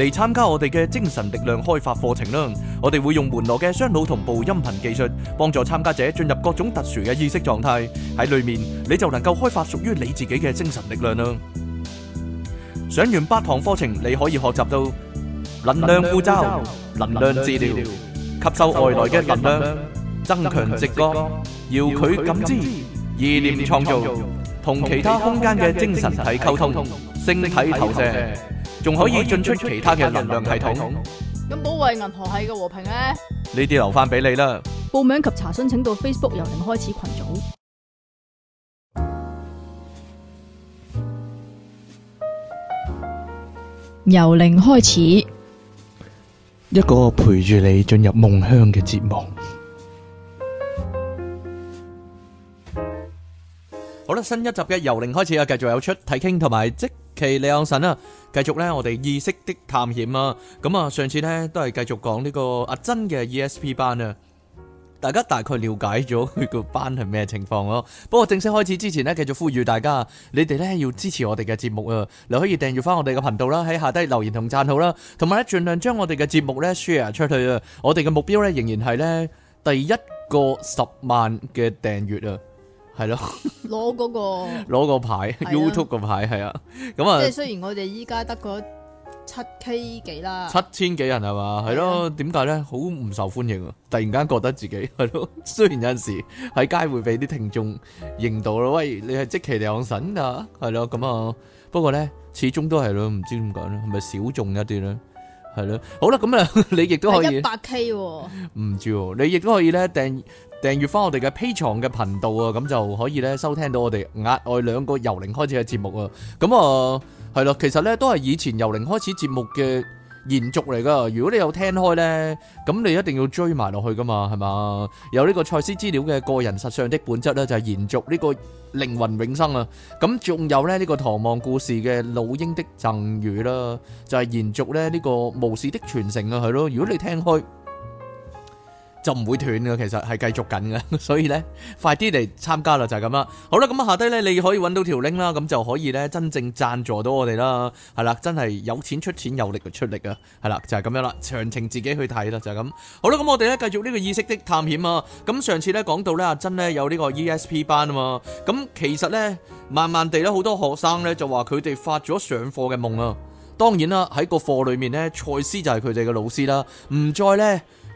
嚟參加我哋嘅精神力量開發課程啦！我哋會用門羅嘅雙腦同步音頻技術，幫助參加者進入各種特殊嘅意識狀態。喺裡面你就能夠開發屬於你自己嘅精神力量啦！上完八堂課程，你可以學習到能量呼召、能量治療、吸收外來嘅能量、增強直覺、遙距感知、意念創造、同其他空間嘅精神體溝通。晶體投射，仲可以進出其他嘅能量系統。咁保衛銀河系嘅和平咧？呢啲留翻俾你啦。報名及查詢，請到 Facebook 由零開始群組。由零開始，一個陪住你進入夢鄉嘅節目。好啦，新一集嘅由零開始啊，繼續有出體傾同埋即。李昂臣啊，繼續咧，我哋意識的探險啊，咁啊，上次呢都係繼續講呢、這個阿珍、啊、嘅 ESP 班啊，大家大概了解咗佢個班係咩情況咯、啊。不過正式開始之前呢，繼續呼籲大家，你哋呢要支持我哋嘅節目啊，你可以訂閱翻我哋嘅頻道啦，喺下低留言同讚好啦，同埋呢，盡量將我哋嘅節目呢 share 出去啊，我哋嘅目標呢，仍然係呢第一個十萬嘅訂閱啊！係咯，攞嗰 那個，攞個牌，YouTube 個牌，係啊的，咁啊，即係的、嗯、雖然我哋依家得嗰七 K 幾啦，七千幾人係嘛，係咯，點解咧？好唔的受歡迎啊！突然間覺得自己係咯，雖然有陣時喺街會俾啲聽眾認到咯，喂，你係即其兩神啊，係咯，咁、嗯、啊，不過咧始終都係咯，唔知點講咧，係咪少眾一啲咧？係咯，好啦，咁、嗯、啊，嗯、 你亦都可以，一百 K 唔 知，你亦都可以咧訂。訂閱返我哋嘅 Patreon 嘅頻道啊，咁就可以咧收聽到我哋額外兩個由零開始嘅節目啊。咁啊，係咯，其實咧都係以前由零開始節目嘅延續嚟㗎。如果你有聽開咧，咁你一定要追埋落去㗎嘛，係嘛？有呢個賽斯資料嘅個人實相的本質咧，就係延續呢個靈魂永生啊。咁仲有咧呢個《唐望故事》嘅老鷹的贈與啦，就係延續咧呢個無視的傳承啊，係咯。如果你聽開。就唔會斷嘅，其實係繼續緊嘅，所以呢， 快啲嚟參加啦，就係咁啦。好啦，咁啊下低呢，你可以揾到條 link 啦，咁就可以呢，真正贊助到我哋啦，係啦，真係有錢出錢，有力就出力啊，係啦，就係、是、咁樣啦，詳情自己去睇啦，就係、是、咁。好啦，咁我哋呢，繼續呢個意識的探險啊。咁上次呢，講到呢，阿珍呢，有呢個 ESP 班啊嘛，咁其實呢，慢慢地呢，好多學生呢，就話佢哋發咗上課嘅夢啊。當然啦，喺個課裏面呢，賽斯就係佢哋嘅老師啦，唔再呢。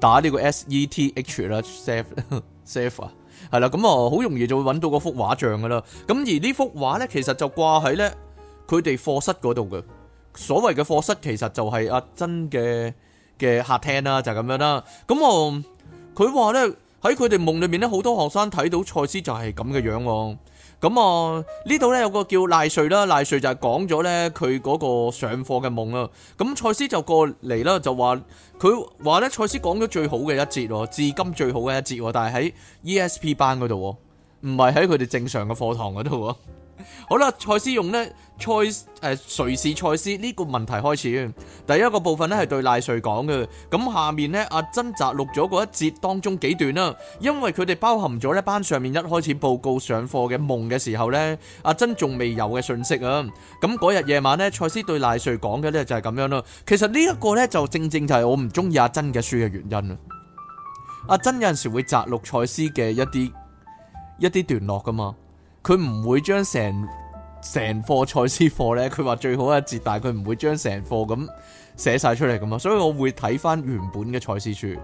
打呢個 S E T H 啦，save save 啊， 係、嗯、啦，咁啊好容易就會揾到嗰幅畫像噶啦。咁而呢幅畫咧，其實就掛喺咧佢哋課室嗰度嘅。所謂嘅課室其實就係阿珍嘅嘅客廳啦、啊，就係、是、咁樣啦、啊。咁我佢話咧喺佢哋夢裏面咧，好多學生睇到賽斯就係咁嘅樣，樣、啊。咁啊，呢度咧有個叫賴瑞啦，賴瑞就係講咗咧佢嗰個上課嘅夢啊。咁賽斯就過嚟啦，就話佢話咧賽斯講咗最好嘅一節，至今最好嘅一節，但係喺 ESP 班嗰度，唔係喺佢哋正常嘅課堂嗰度。 好啦，賽斯用咧。賽誒、呃，瑞士賽斯呢個問題開始，第一個部分咧係對賴瑞講嘅。咁下面呢，阿珍摘錄咗嗰一節當中幾段啦。因為佢哋包含咗呢班上面一開始報告上課嘅夢嘅時候呢，阿珍仲未有嘅信息。啊咁嗰日夜晚呢，賽斯對賴瑞講嘅呢就係咁樣啦。其實呢一個呢，就正正就係我唔中意阿珍嘅書嘅原因啊。阿珍有陣時會摘錄賽斯嘅一啲一啲段落噶嘛，佢唔會將成。成課賽斯課咧，佢話最好一節，但係佢唔會將成課咁寫晒出嚟，咁啊，所以我會睇翻原本嘅賽斯書。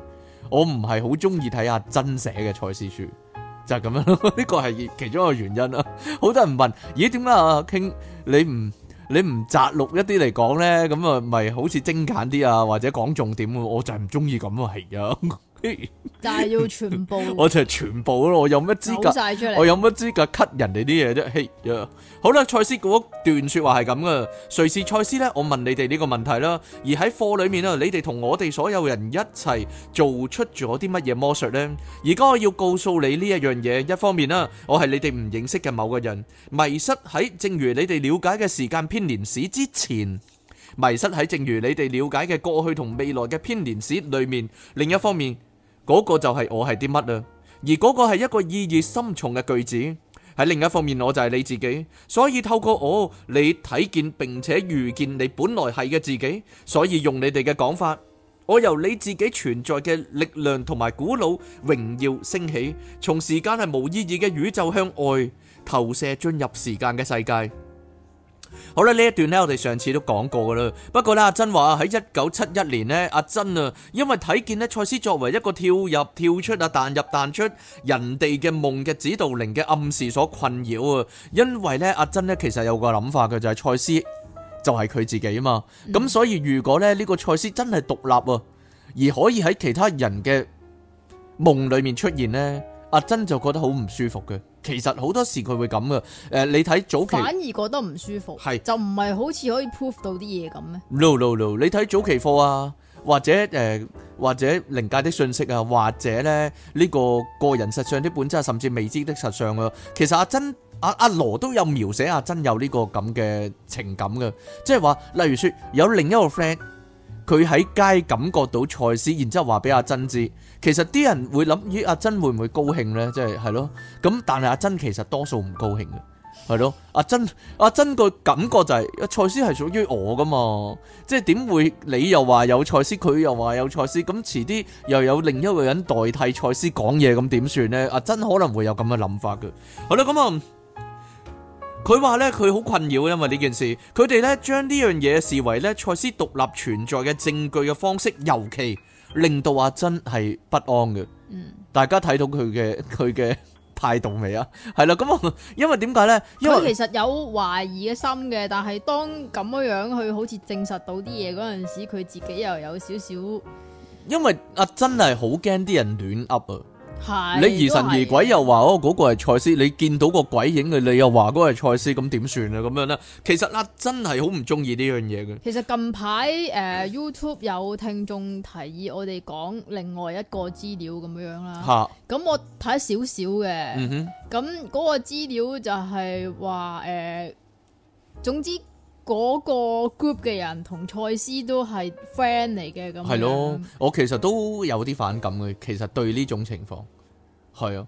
我唔係好中意睇下真寫嘅賽斯書，就係、是、咁樣咯。呢個係其中一個原因啦。好多人問，咦，點解阿傾你唔你唔摘錄一啲嚟講咧，咁啊咪好似精簡啲啊，或者講重點。我就係唔中意咁啊，係啊。但係要全部，我就係全部咯。我有乜資格？嘔晒出嚟。我有乜資格 cut 人哋啲嘢啫？嘿，好啦，賽斯嗰段說話係咁噶。誰是賽斯咧？我問你哋呢個問題啦。而喺課裏面啊，你哋同我哋所有人一齊做出咗啲乜嘢魔術咧？而家我要告訴你呢一樣嘢。一方面啊，我係你哋唔認識嘅某個人，迷失喺正如你哋了解嘅時間編年史之前，迷失喺正如你哋了解嘅過去同未來嘅編年史裏面。另一方面。嗰個就係我係啲乜呀，而嗰個係一個意義深重嘅句子。喺另一方面，我就係你自己，所以透過我，你睇見並且遇見你本來係嘅自己。所以用你哋嘅講法，我由你自己存在嘅力量同埋古老榮耀升起，從時間係無意義嘅宇宙向外投射，進入時間嘅世界。好啦，呢一段呢，我哋上次都講過噶啦。不過呢，阿珍話喺一九七一年呢，阿珍啊，因為睇見呢，賽斯作為一個跳入跳出啊、彈入彈出人哋嘅夢嘅指導靈嘅暗示所困擾啊。因為呢，阿珍呢，其實有個諗法嘅就係、是、賽斯就係佢自己啊嘛。咁、嗯、所以如果呢，呢個賽斯真係獨立啊，而可以喺其他人嘅夢裏面出現呢。阿珍就覺得好唔舒服嘅，其實好多時佢會咁嘅。誒、呃，你睇早期反而覺得唔舒服，係，就唔係好似可以 prove 到啲嘢咁咩？No no no！你睇早期課啊，或者誒、呃，或者靈界的訊息啊，或者咧呢、這個個人實相的本質，甚至未知的實相啊。其實阿珍阿阿羅都有描寫阿珍有呢個咁嘅情感嘅，即係話，例如說有另一個 friend，佢喺街感覺到賽斯，然之後話俾阿珍知。其實啲人會諗咦，阿珍會唔會高興呢？即係係咯，咁但係阿珍其實多數唔高興嘅，係咯，阿珍阿珍個感覺就係賽斯係屬於我噶嘛，即係點會你又話有賽斯，佢又話有賽斯，咁遲啲又有另一個人代替賽斯講嘢，咁點算呢？阿珍可能會有咁嘅諗法嘅。好啦，咁啊，佢話呢，佢好困擾，因為呢件事，佢哋呢，將呢樣嘢視為呢，賽斯獨立存在嘅證據嘅方式，尤其。令到阿珍係不安嘅，嗯、大家睇到佢嘅佢嘅態度未啊？係啦，咁啊，因為點解咧？佢其實有懷疑嘅心嘅，但係當咁樣樣去好似證實到啲嘢嗰陣時，佢自己又有少少。因為阿珍係好驚啲人亂 up 啊！你疑神疑鬼的又話哦，嗰個係賽斯，的你見到個鬼影嘅，你又話嗰個係賽斯，咁點算啊？咁樣咧，其實啊，真係好唔中意呢樣嘢嘅。其實近排誒、呃、YouTube 有聽眾提議我哋講另外一個資料咁樣樣啦。嚇的！咁我睇少少嘅。嗯哼。咁嗰個資料就係話誒，總之。嗰個 group 嘅人同賽斯都係 friend 嚟嘅，咁，係咯，我其實都有啲反感嘅。其實對呢種情況係啊，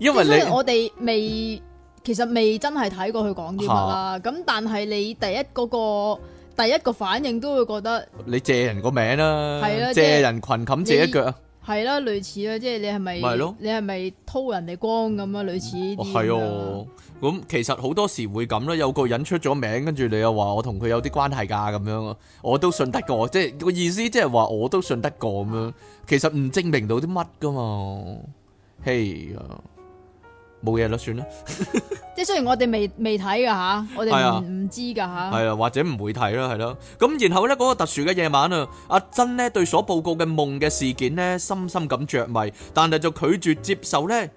因為我哋未其實未真係睇過佢講啲乜啦。咁但係你第一嗰個第一個反應都會覺得你借人個名啦，借人羣冚借一腳啊，係啦，類似啦，即係你係咪你係咪偷人哋光咁啊？類似呢啲啊。咁其實好多時會咁咯，有個人出咗名，跟住你又話我同佢有啲關係噶咁樣，我都信得過，即係個意思，即係話我都信得過咁樣，其實唔證明到啲乜噶嘛，嘿啊，冇嘢啦，算啦。即係雖然我哋未未睇噶嚇，我哋唔唔知噶嚇。係啊，或者唔會睇啦，係咯。咁然後呢，嗰個特殊嘅夜晚啊，阿珍呢對所報告嘅夢嘅事件呢深深咁著迷，但係就拒絕接受呢。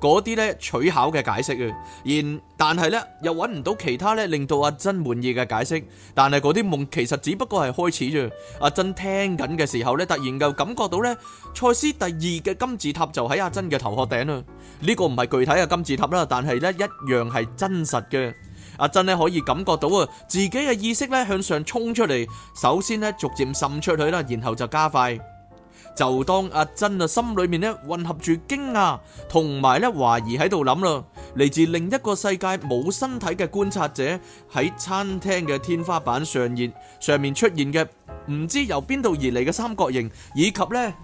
嗰啲咧取巧嘅解釋啊，然但係咧又揾唔到其他咧令到阿珍滿意嘅解釋。但係嗰啲夢其實只不過係開始咋。阿珍聽緊嘅時候咧，突然就感覺到咧，賽斯第二嘅金字塔就喺阿珍嘅頭殼頂啦。呢個唔係具體嘅金字塔啦，但係咧一樣係真實嘅。阿珍咧可以感覺到啊，自己嘅意識咧向上衝出嚟，首先咧逐漸滲出去啦，然後就加快。就當阿珍啊，心裏面咧混合住驚訝同埋咧懷疑喺度諗啦，嚟自另一個世界冇身體嘅觀察者喺餐廳嘅天花板上現上面出現嘅唔知由邊度而嚟嘅三角形，以及呢，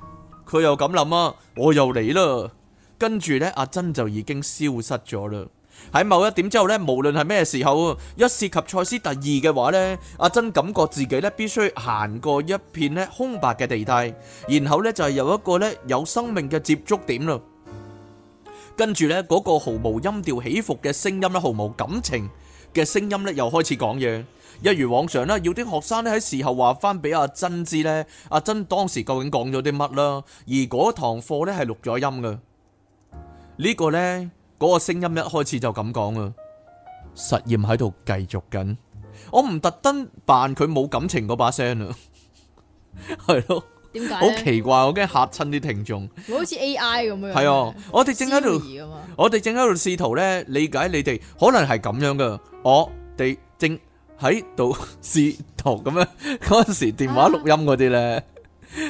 佢又咁諗啊，我又嚟啦，跟住呢，阿珍就已經消失咗啦。喺某一點之後咧，無論係咩時候，一涉及賽斯第二嘅話咧，阿珍感覺自己咧必須行過一片咧空白嘅地帶，然後咧就係有一個咧有生命嘅接觸點咯。跟住咧嗰個毫無音調起伏嘅聲音咧，毫無感情嘅聲音咧，又開始講嘢，一如往常啦。要啲學生咧喺事後話翻俾阿珍知咧，阿珍當時究竟講咗啲乜啦？而嗰堂課咧係錄咗音嘅，呢個咧。嗰個聲音一開始就咁講啊！實驗喺度繼續緊，我唔特登扮佢冇感情嗰把聲啊，係咯？點解好奇怪？我驚嚇親啲聽眾，我好似 AI 咁樣係啊！我哋正喺度，我哋正喺度試圖咧理解你哋，可能係咁樣噶。我哋正喺度試圖咁樣嗰陣時，電話錄音嗰啲咧。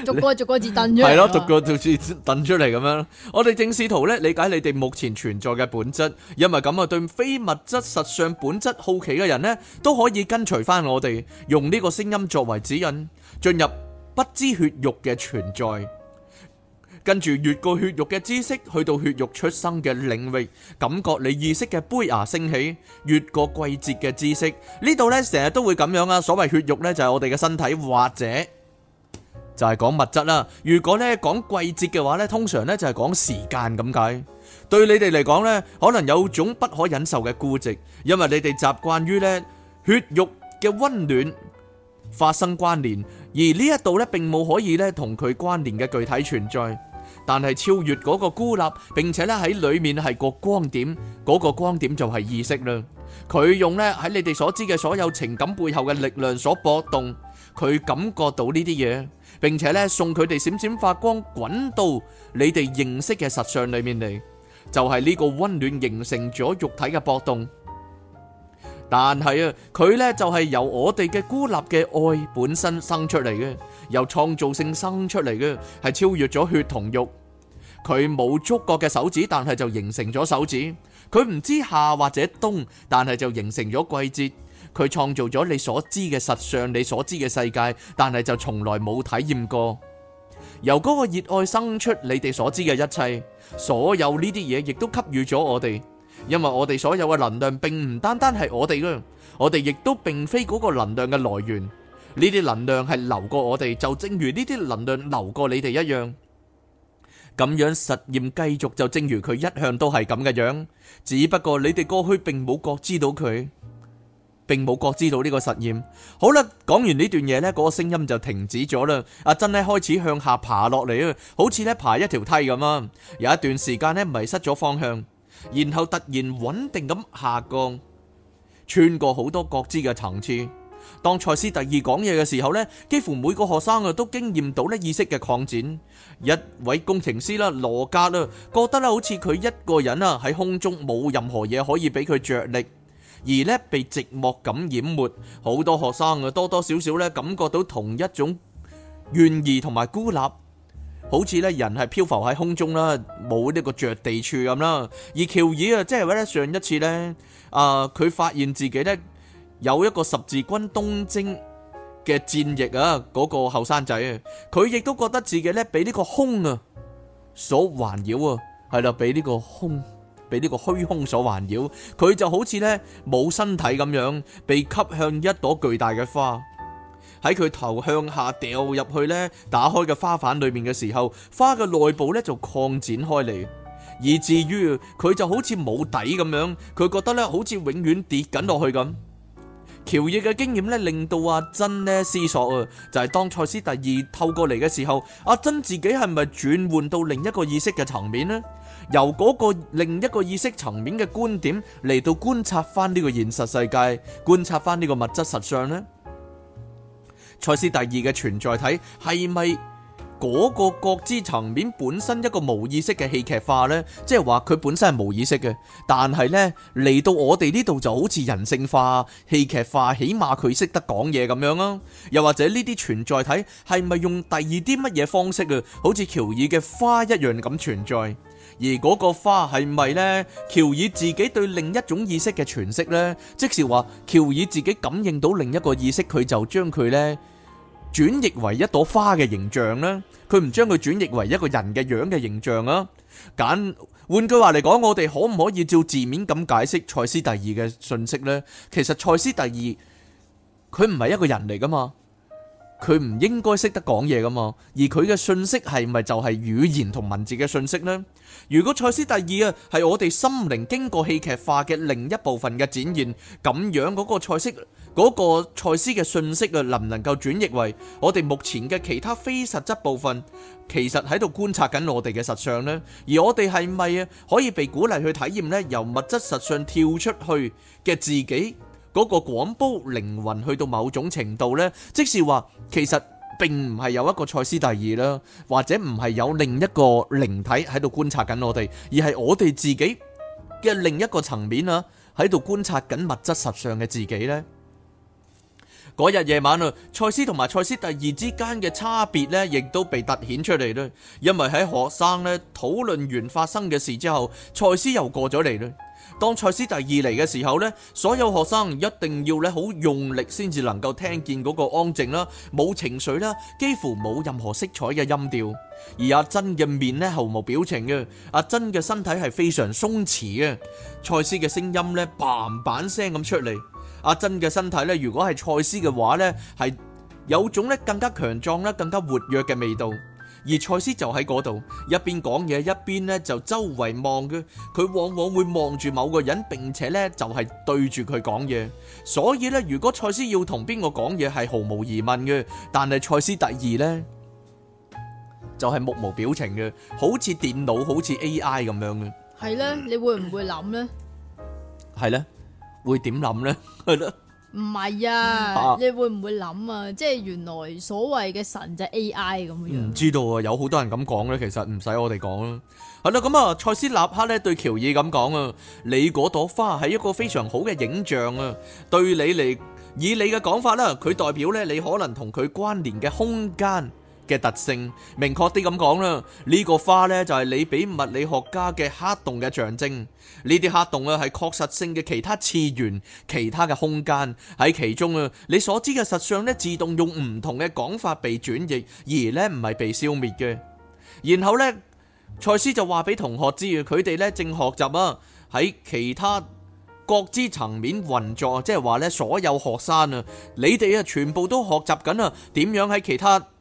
逐個逐個字掟出，係咯，逐個，逐個字掟出嚟咁樣。 我哋正試圖咧理解你哋目前存在嘅本質，因為咁啊，對非物質實相本質好奇嘅人呢，都可以跟隨翻我哋，用呢個聲音作為指引，進入不知血肉嘅存在，跟住越過血肉嘅知識，去到血肉出生嘅領域，感覺你意識嘅杯牙升起，越過季節嘅知識，呢度呢，成日都會咁樣啊。所謂血肉呢，就係我哋嘅身體或者。就係講物質啦。如果咧講季節嘅話咧，通常咧就係講時間咁解。對你哋嚟講咧，可能有種不可忍受嘅孤寂，因為你哋習慣於咧血肉嘅溫暖發生關聯，而呢一度咧並冇可以咧同佢關聯嘅具體存在。但係超越嗰個孤立，並且咧喺裏面係個光點，嗰個光點就係意識啦。佢用咧喺你哋所知嘅所有情感背後嘅力量所搏動，佢感覺到呢啲嘢。並且咧送佢哋閃閃發光，滾到你哋認識嘅實相裏面嚟，就係呢個溫暖形成咗肉體嘅波動。但係啊，佢咧就係由我哋嘅孤立嘅愛本身生出嚟嘅，由創造性生出嚟嘅，係超越咗血同肉。佢冇觸覺嘅手指，但係就形成咗手指。佢唔知夏或者冬，但係就形成咗季節。佢創造咗你所知嘅實相，你所知嘅世界，但係就從來冇體驗過。由嗰個熱愛生出你哋所知嘅一切，所有呢啲嘢，亦都給予咗我哋。因為我哋所有嘅能量，並唔單單係我哋咯，我哋亦都並非嗰個能量嘅來源。呢啲能量係流過我哋，就正如呢啲能量流過你哋一樣。咁樣實驗繼續，就正如佢一向都係咁嘅樣，只不過你哋過去並冇覺知到佢。並冇覺知到呢個實驗。好啦，講完呢段嘢咧，嗰個聲音就停止咗啦。阿珍咧開始向下爬落嚟啊，好似咧爬一條梯咁啊。有一段時間咧迷失咗方向，然後突然穩定咁下降，穿過好多覺知嘅層次。當賽斯第二講嘢嘅時候咧，幾乎每個學生啊都經驗到咧意識嘅擴展。一位工程師啦，羅格啦，覺得咧好似佢一個人啊喺空中冇任何嘢可以俾佢着力。而呢被寂寞感淹沒，好多學生啊，多多少少呢感覺到同一種怨憐同埋孤立，好似呢人係漂浮喺空中啦，冇呢個著地處咁啦。而喬爾啊，即係話呢上一次呢，啊佢發現自己呢有一個十字軍東征嘅戰役啊，嗰個後生仔啊，佢亦都覺得自己呢被呢個空啊所環繞啊，係啦，被呢個空。被呢個虛空所環繞，佢就好似呢冇身體咁樣，被吸向一朵巨大嘅花。喺佢頭向下掉入去呢打開嘅花瓣裏面嘅時候，花嘅內部呢就擴展開嚟，以至於佢就好似冇底咁樣。佢覺得呢好似永遠跌緊落去咁。喬葉嘅經驗呢令到阿珍呢思索啊，就係、是、當賽斯第二透過嚟嘅時候，阿珍自己係咪轉換到另一個意識嘅層面呢？由嗰個另一個意識層面嘅觀點嚟到觀察翻呢個現實世界，觀察翻呢個物質實相呢，賽斯第二嘅存在體係咪嗰個覺知層面本身一個無意識嘅戲劇化呢？即係話佢本身係無意識嘅，但係呢嚟到我哋呢度就好似人性化、戲劇化，起碼佢識得講嘢咁樣啊！又或者呢啲存在體係咪用第二啲乜嘢方式啊？好似喬爾嘅花一樣咁存在。而嗰個花係咪呢？喬爾自己對另一種意識嘅詮釋呢，即是話喬爾自己感應到另一個意識，佢就將佢呢轉譯為一朵花嘅形象啦。佢唔將佢轉譯為一個人嘅樣嘅形象啊。簡換句話嚟講，我哋可唔可以照字面咁解釋賽斯第二嘅信息呢？其實賽斯第二佢唔係一個人嚟噶嘛。佢唔應該識得講嘢噶嘛？而佢嘅信息係咪就係語言同文字嘅信息呢？如果賽斯第二啊係我哋心靈經過戲劇化嘅另一部分嘅展現，咁樣嗰個賽斯嗰個賽斯嘅信息啊，能唔能夠轉譯為我哋目前嘅其他非實質部分？其實喺度觀察緊我哋嘅實相呢？而我哋係咪啊可以被鼓勵去體驗呢？由物質實相跳出去嘅自己？嗰個廣播靈魂去到某種程度呢，即是話其實並唔係有一個賽斯第二啦，或者唔係有另一個靈體喺度觀察緊我哋，而係我哋自己嘅另一個層面啊，喺度觀察緊物質實相嘅自己呢。嗰日夜晚啊，賽斯同埋賽斯第二之間嘅差別呢，亦都被突顯出嚟呢，因為喺學生呢討論完發生嘅事之後，賽斯又過咗嚟啦。當賽斯第二嚟嘅時候呢，所有學生一定要咧好用力先至能夠聽見嗰個安靜啦，冇情緒啦，幾乎冇任何色彩嘅音調。而阿珍嘅面呢，毫無表情嘅，阿珍嘅身體係非常鬆弛嘅。賽斯嘅聲音呢，嘭嘭聲咁出嚟，阿珍嘅身體呢，如果係賽斯嘅話呢，係有種呢更加強壯啦、更加活躍嘅味道。而賽斯就喺嗰度一邊講嘢一邊咧就周圍望嘅，佢往往會望住某個人，並且咧就係對住佢講嘢，所以咧如果賽斯要同邊個講嘢係毫無疑問嘅。但係賽斯第二咧就係目無表情嘅，好似電腦好似 AI 咁樣嘅。係咧，你會唔會諗咧？係咧，會點諗咧？係咯。唔係啊，啊你會唔會諗啊？即係原來所謂嘅神就 AI 咁樣。唔知道啊，有好多人咁講咧。其實唔使我哋講啦。係啦，咁啊，賽斯立克咧對喬爾咁講啊，你嗰朵花係一個非常好嘅影像啊，對你嚟，以你嘅講法啦，佢代表咧你可能同佢關聯嘅空間嘅特性，明確啲咁講啦，呢、這個花呢，就係你俾物理學家嘅黑洞嘅象徵。呢啲黑洞啊係確實性嘅其他次元、其他嘅空間喺其中啊。你所知嘅實相呢，自動用唔同嘅講法被轉譯，而呢唔係被消滅嘅。然後呢，賽斯就話俾同學知，佢哋呢，正學習啊喺其他各自層面運作，即係話呢，就是、所有學生啊，你哋啊全部都學習緊啊，點樣喺其他。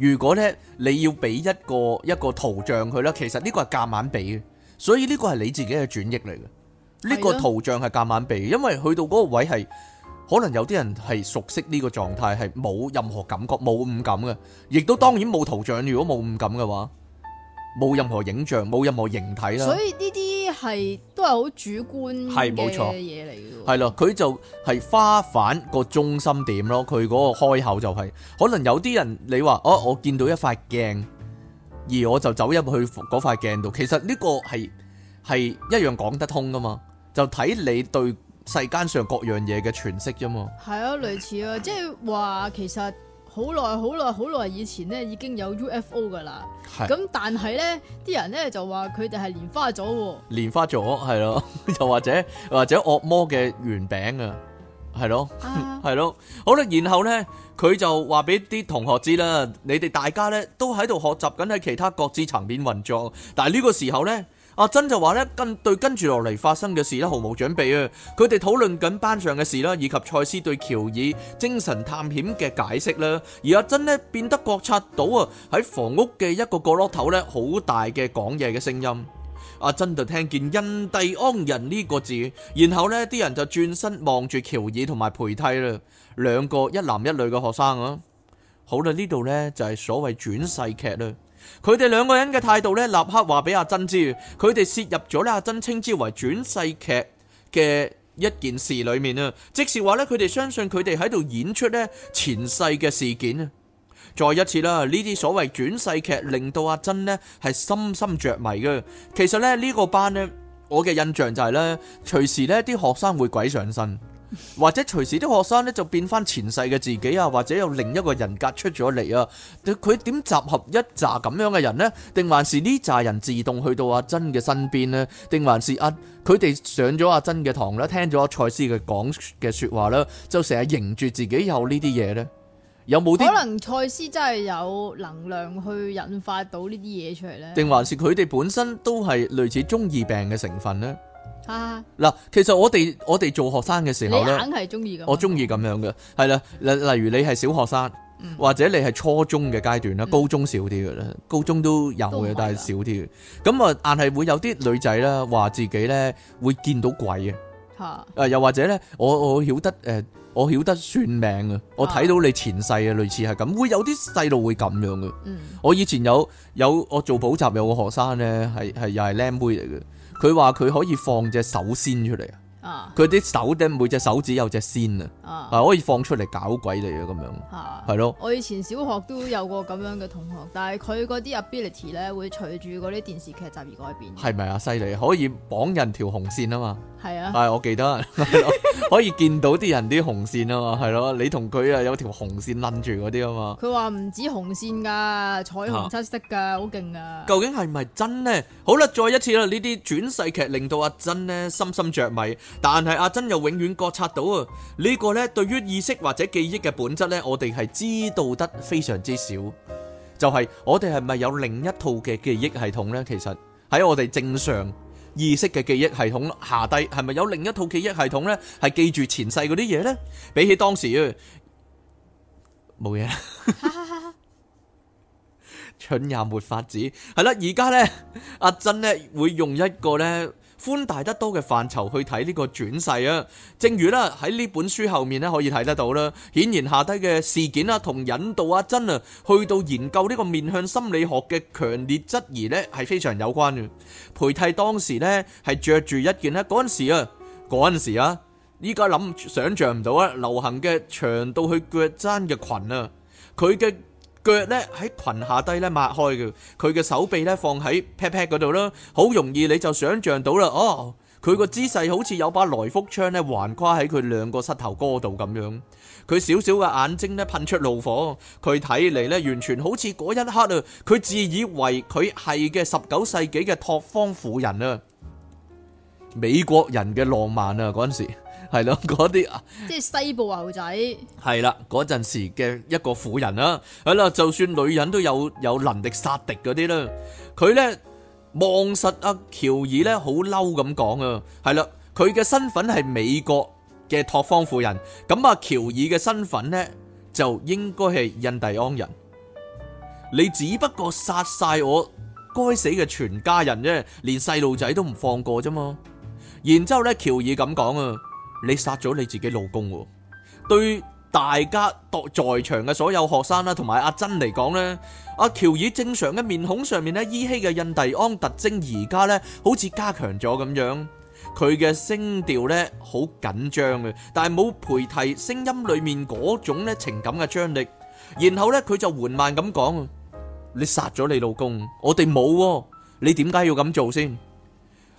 如果咧你要俾一個一個圖像佢咧，其實呢個係夾硬俾嘅，所以呢個係你自己嘅轉譯嚟嘅。呢個圖像係夾硬俾，因為去到嗰個位係可能有啲人係熟悉呢個狀態，係冇任何感覺，冇五感嘅，亦都當然冇圖像。如果冇五感嘅話。冇任何影像，冇任何形體啦。所以呢啲係都係好主觀嘅嘢嚟係咯，佢就係花瓣個中心點咯，佢嗰個開口就係、是。可能有啲人你話，哦，我見到一塊鏡，而我就走入去嗰塊鏡度。其實呢個係係一樣講得通噶嘛，就睇你對世間上各樣嘢嘅詮釋啫嘛。係啊，類似啊，即係話其實。好耐好耐好耐以前咧，已經有 UFO 噶啦。咁的但係咧，啲人咧就話佢哋係蓮花咗，蓮花咗係咯，又 或者或者惡魔嘅圓餅啊，係咯，係咯。好啦，然後咧佢就話俾啲同學知啦，你哋大家咧都喺度學習緊喺其他各自層面運作。但係呢個時候咧。阿珍就話咧，跟對跟住落嚟發生嘅事咧，毫無準備啊！佢哋討論緊班上嘅事啦，以及賽斯對喬爾精神探險嘅解釋啦。而阿珍呢，變得覺察到啊，喺房屋嘅一個角落頭咧，好大嘅講嘢嘅聲音。阿珍就聽見印第安人呢個字，然後呢啲人就轉身望住喬爾同埋陪梯啦，兩個一男一女嘅學生啊。好啦，呢度呢，就係所謂轉世劇啦。佢哋兩個人嘅態度咧，立刻話俾阿珍知，佢哋涉入咗咧，阿珍稱之為轉世劇嘅一件事裏面啊，即是話咧，佢哋相信佢哋喺度演出咧前世嘅事件啊！再一次啦，呢啲所謂轉世劇令到阿珍咧係深深着迷嘅。其實咧，呢個班呢，我嘅印象就係咧，隨時呢啲學生會鬼上身。或者隨時啲學生咧就變翻前世嘅自己啊，或者有另一個人格出咗嚟啊。佢點集合一紮咁樣嘅人呢？定還是呢扎人自動去到阿珍嘅身邊呢？定還是啊佢哋上咗阿珍嘅堂啦，聽咗賽斯嘅講嘅說話啦，就成日認住自己有呢啲嘢呢？有冇啲可能賽斯真係有能量去引發到呢啲嘢出嚟呢？定還是佢哋本身都係類似中二病嘅成分呢？嗱，其實我哋我哋做學生嘅時候咧，我中意咁樣嘅，係啦，例例如你係小學生，嗯、或者你係初中嘅階段啦，嗯、高中少啲嘅啦，高中都有嘅，但係少啲嘅。咁啊，但係會有啲女仔啦，話自己咧會見到鬼嘅，啊，又或者咧，我我曉得誒，我曉得算命啊。我睇到你前世啊，類似係咁，會有啲細路會咁樣嘅。嗯、我以前有有我做補習有個學生咧，係係又係靚妹嚟嘅。佢話佢可以放隻手先出嚟啊！佢啲、啊、手咧，每隻手指有隻線啊，啊可以放出嚟搞鬼嚟啊，咁樣係咯。我以前小學都有個咁樣嘅同學，但係佢嗰啲 ability 咧會隨住嗰啲電視劇集而改變。係咪啊？犀利，可以綁人條紅線啊嘛。係啊，係、哎、我記得，可以見到啲人啲紅線啊嘛，係咯、 嗯，你同佢啊有條紅線擰住嗰啲啊嘛。佢話唔止紅線噶，彩虹七色噶、啊，好勁啊！究竟係咪真呢？好啦，再一次啦，呢啲轉世劇令到阿珍呢，深深着迷。但係阿珍又永遠覺察到啊，呢、呢個呢對於意識或者記憶嘅本質呢，我哋係知道得非常之少。就係、是、我哋係咪有另一套嘅記憶系統呢？其實喺我哋正常意識嘅記憶系統下低，係咪有另一套記憶系統呢？係記住前世嗰啲嘢呢？比起當時啊，冇嘢啦， 蠢也沒法子。係啦，而家呢，阿珍呢會用一個呢。寬大得多嘅範疇去睇呢個轉世啊，正如啦喺呢本書後面咧可以睇得到啦，顯然下低嘅事件啊同引導阿珍啊去到研究呢個面向心理學嘅強烈質疑呢，係非常有關嘅。培蒂當時呢，係着住一件咧，嗰陣時啊，嗰陣時啊，依家諗想像唔到啊，流行嘅長到去腳踭嘅裙啊，佢嘅。腳咧喺裙下底咧抹開嘅，佢嘅手臂咧放喺 pat pat 嗰度啦，好容易你就想象到啦，哦，佢個姿勢好似有把來福槍咧橫跨喺佢兩個膝頭哥度咁樣，佢小小嘅眼睛咧噴出怒火，佢睇嚟咧完全好似嗰一刻啊，佢自以為佢係嘅十九世紀嘅拓荒婦人啊，美國人嘅浪漫啊嗰陣時。係咯，嗰啲啊，即係西部牛仔。係啦，嗰陣時嘅一個婦人啦，係啦，就算女人都有有能力殺敵嗰啲啦。佢咧望實阿喬爾咧，好嬲咁講啊，係啦，佢嘅身份係美國嘅拓荒婦人，咁、嗯、啊，喬爾嘅身份咧就應該係印第安人。你只不過殺晒我該死嘅全家人啫，連細路仔都唔放過啫嘛。然之後咧，喬爾咁講啊。你殺咗你自己老公喎？對大家在場嘅所有學生啦，同埋阿珍嚟講呢，阿喬以正常嘅面孔上面呢，依稀嘅印第安特徵而家呢，好似加強咗咁樣。佢嘅聲調呢，好緊張嘅，但係冇陪提聲音裏面嗰種咧情感嘅張力。然後呢，佢就緩慢咁講：你殺咗你老公，我哋冇，你點解要咁做先？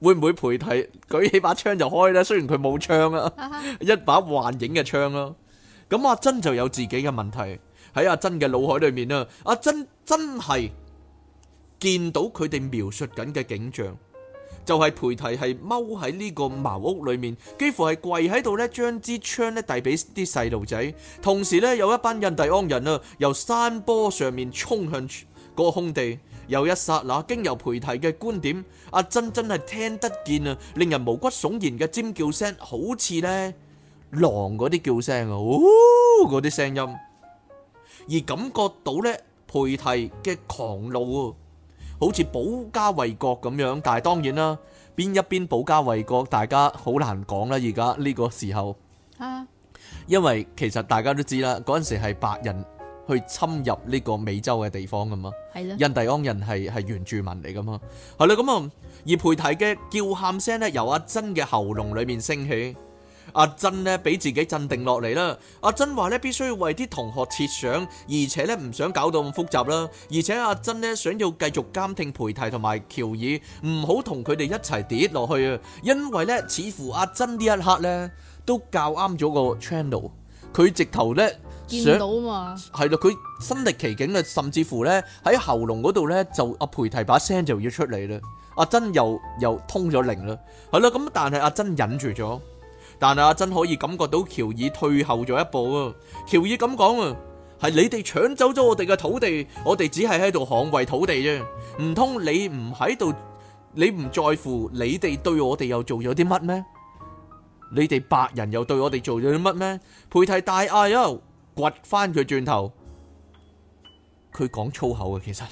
會唔會陪提舉起把槍就開呢？雖然佢冇槍啊， 一把幻影嘅槍啊。咁阿珍就有自己嘅問題喺阿珍嘅腦海裏面啊。阿珍真係見到佢哋描述緊嘅景象，就係、是、培提係踎喺呢個茅屋裏面，幾乎係跪喺度咧，將支槍咧遞俾啲細路仔，同時呢，有一班印第安人啊由山坡上面衝向嗰個空地。有一刹那，經由裴提嘅觀點，阿珍真係聽得見啊！令人毛骨悚然嘅尖叫聲，好似呢狼嗰啲叫聲啊，哦，嗰啲聲音，而感覺到呢裴提嘅狂怒，好似保家衛國咁樣。但係當然啦，邊一邊保家衛國，大家好難講啦。而家呢個時候，啊，因為其實大家都知啦，嗰陣時係白人。去侵入呢個美洲嘅地方咁啊，的印第安人係係原住民嚟噶嘛，係啦咁啊。而培提嘅叫喊聲呢，由阿珍嘅喉嚨裏面升起。阿珍呢，俾自己鎮定落嚟啦。阿珍話呢，必須要為啲同學設想，而且呢，唔想搞到咁複雜啦。而且阿珍呢，想要繼續監聽培提同埋喬爾，唔好同佢哋一齊跌落去啊。因為呢，似乎阿珍呢一刻呢，都較啱咗個 channel，佢直頭呢……見到嘛？係咯，佢、 啊、身歷其境咧，甚至乎咧喺喉嚨嗰度咧，就阿培提把聲就要出嚟啦。阿珍又又通咗靈啦，係啦、啊。咁但係阿珍忍住咗，但阿珍可以感覺到喬爾退後咗一步啊。喬爾咁講啊，係你哋搶走咗我哋嘅土地，我哋只係喺度捍衞土地啫。唔通你唔喺度，你唔在乎你哋對我哋又做咗啲乜咩？你哋白人又對我哋做咗啲乜咩？培提大嗌啊！掘翻佢轉頭，佢講粗口啊。其實，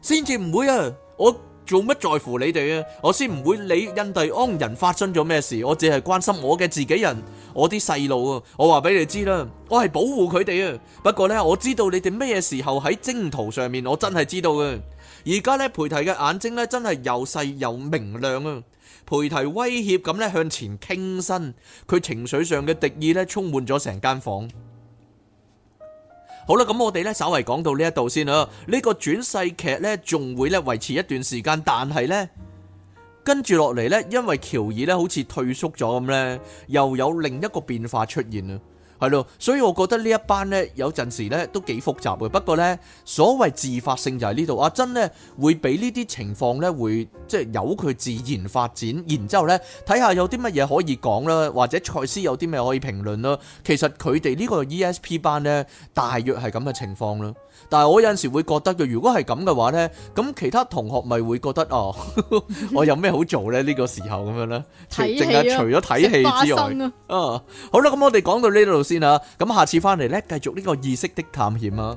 先至唔會啊！我做乜在乎你哋啊？我先唔會理印第安人發生咗咩事，我只係關心我嘅自己人，我啲細路啊！我話俾你知啦，我係保護佢哋啊！不過呢，我知道你哋咩時候喺征途上面，我真係知道啊。而家呢，培提嘅眼睛呢，真係又細又明亮啊！陪提威脅咁咧向前傾身，佢情緒上嘅敵意咧充滿咗成間房。好啦，咁我哋咧稍微講到呢一度先啦。呢個轉世劇咧仲會咧維持一段時間，但係咧跟住落嚟咧，因為喬爾咧好似退縮咗咁咧，又有另一個變化出現啦。係咯，所以我覺得呢一班呢，有陣時呢都幾複雜嘅。不過呢，所謂自發性就喺、啊、呢度。阿珍呢會俾呢啲情況呢會即係由佢自然發展，然之後咧睇下有啲乜嘢可以講啦，或者賽斯有啲咩可以評論啦。其實佢哋呢個 ESP 班呢，大約係咁嘅情況啦。但係我有陣時會覺得嘅，如果係咁嘅話呢，咁其他同學咪會覺得哦，呵呵，我有咩好做呢？呢 個時候咁樣呢，淨係除咗睇戲、啊、戲之外，啊，啊，好啦，咁我哋講到呢度先啦，咁下次翻嚟呢，繼續呢個意識的探險啊！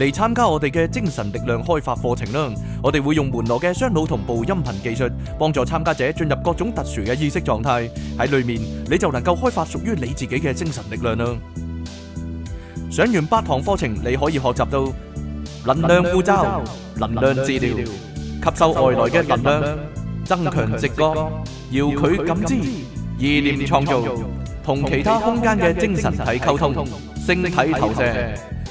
嚟參加我哋嘅精神力量開發課程啦！我哋會用門羅嘅雙腦同步音頻技術，幫助參加者進入各種特殊嘅意識狀態。喺裏面你就能夠開發屬於你自己嘅精神力量啦！上完八堂課程，你可以學習到能量護罩、能量治療、吸收外來嘅能量、增強直覺、遙距感知、意念創造、同其他空間嘅精神體溝通、星體投射。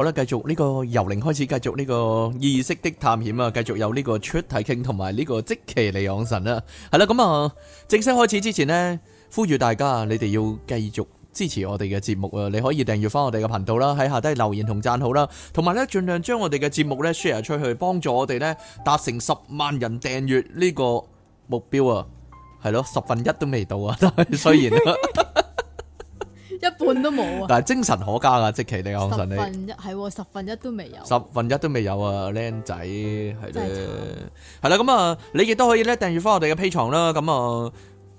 好啦，繼續呢、這個由零開始，繼續呢個意識的探險啊！繼續有呢個出體傾同埋呢個即期嚟養神啦。係啦，咁啊，正式開始之前呢，呼籲大家，你哋要繼續支持我哋嘅節目啊！你可以訂閱翻我哋嘅頻道啦，喺下低留言同讚好啦，同埋呢，盡量將我哋嘅節目咧 share 出去，幫助我哋呢，達成十萬人訂閱呢個目標啊！係、嗯、咯，十分一都未到啊，但雖然。 一半都冇啊！ 但係精神可嘉啊。即其你阿神你，十分一係十分一都未有，十分一都未有啊，靚仔係咧，係啦咁啊，你亦都可以咧訂閱翻我哋嘅 Patreon 啦，咁、嗯、啊，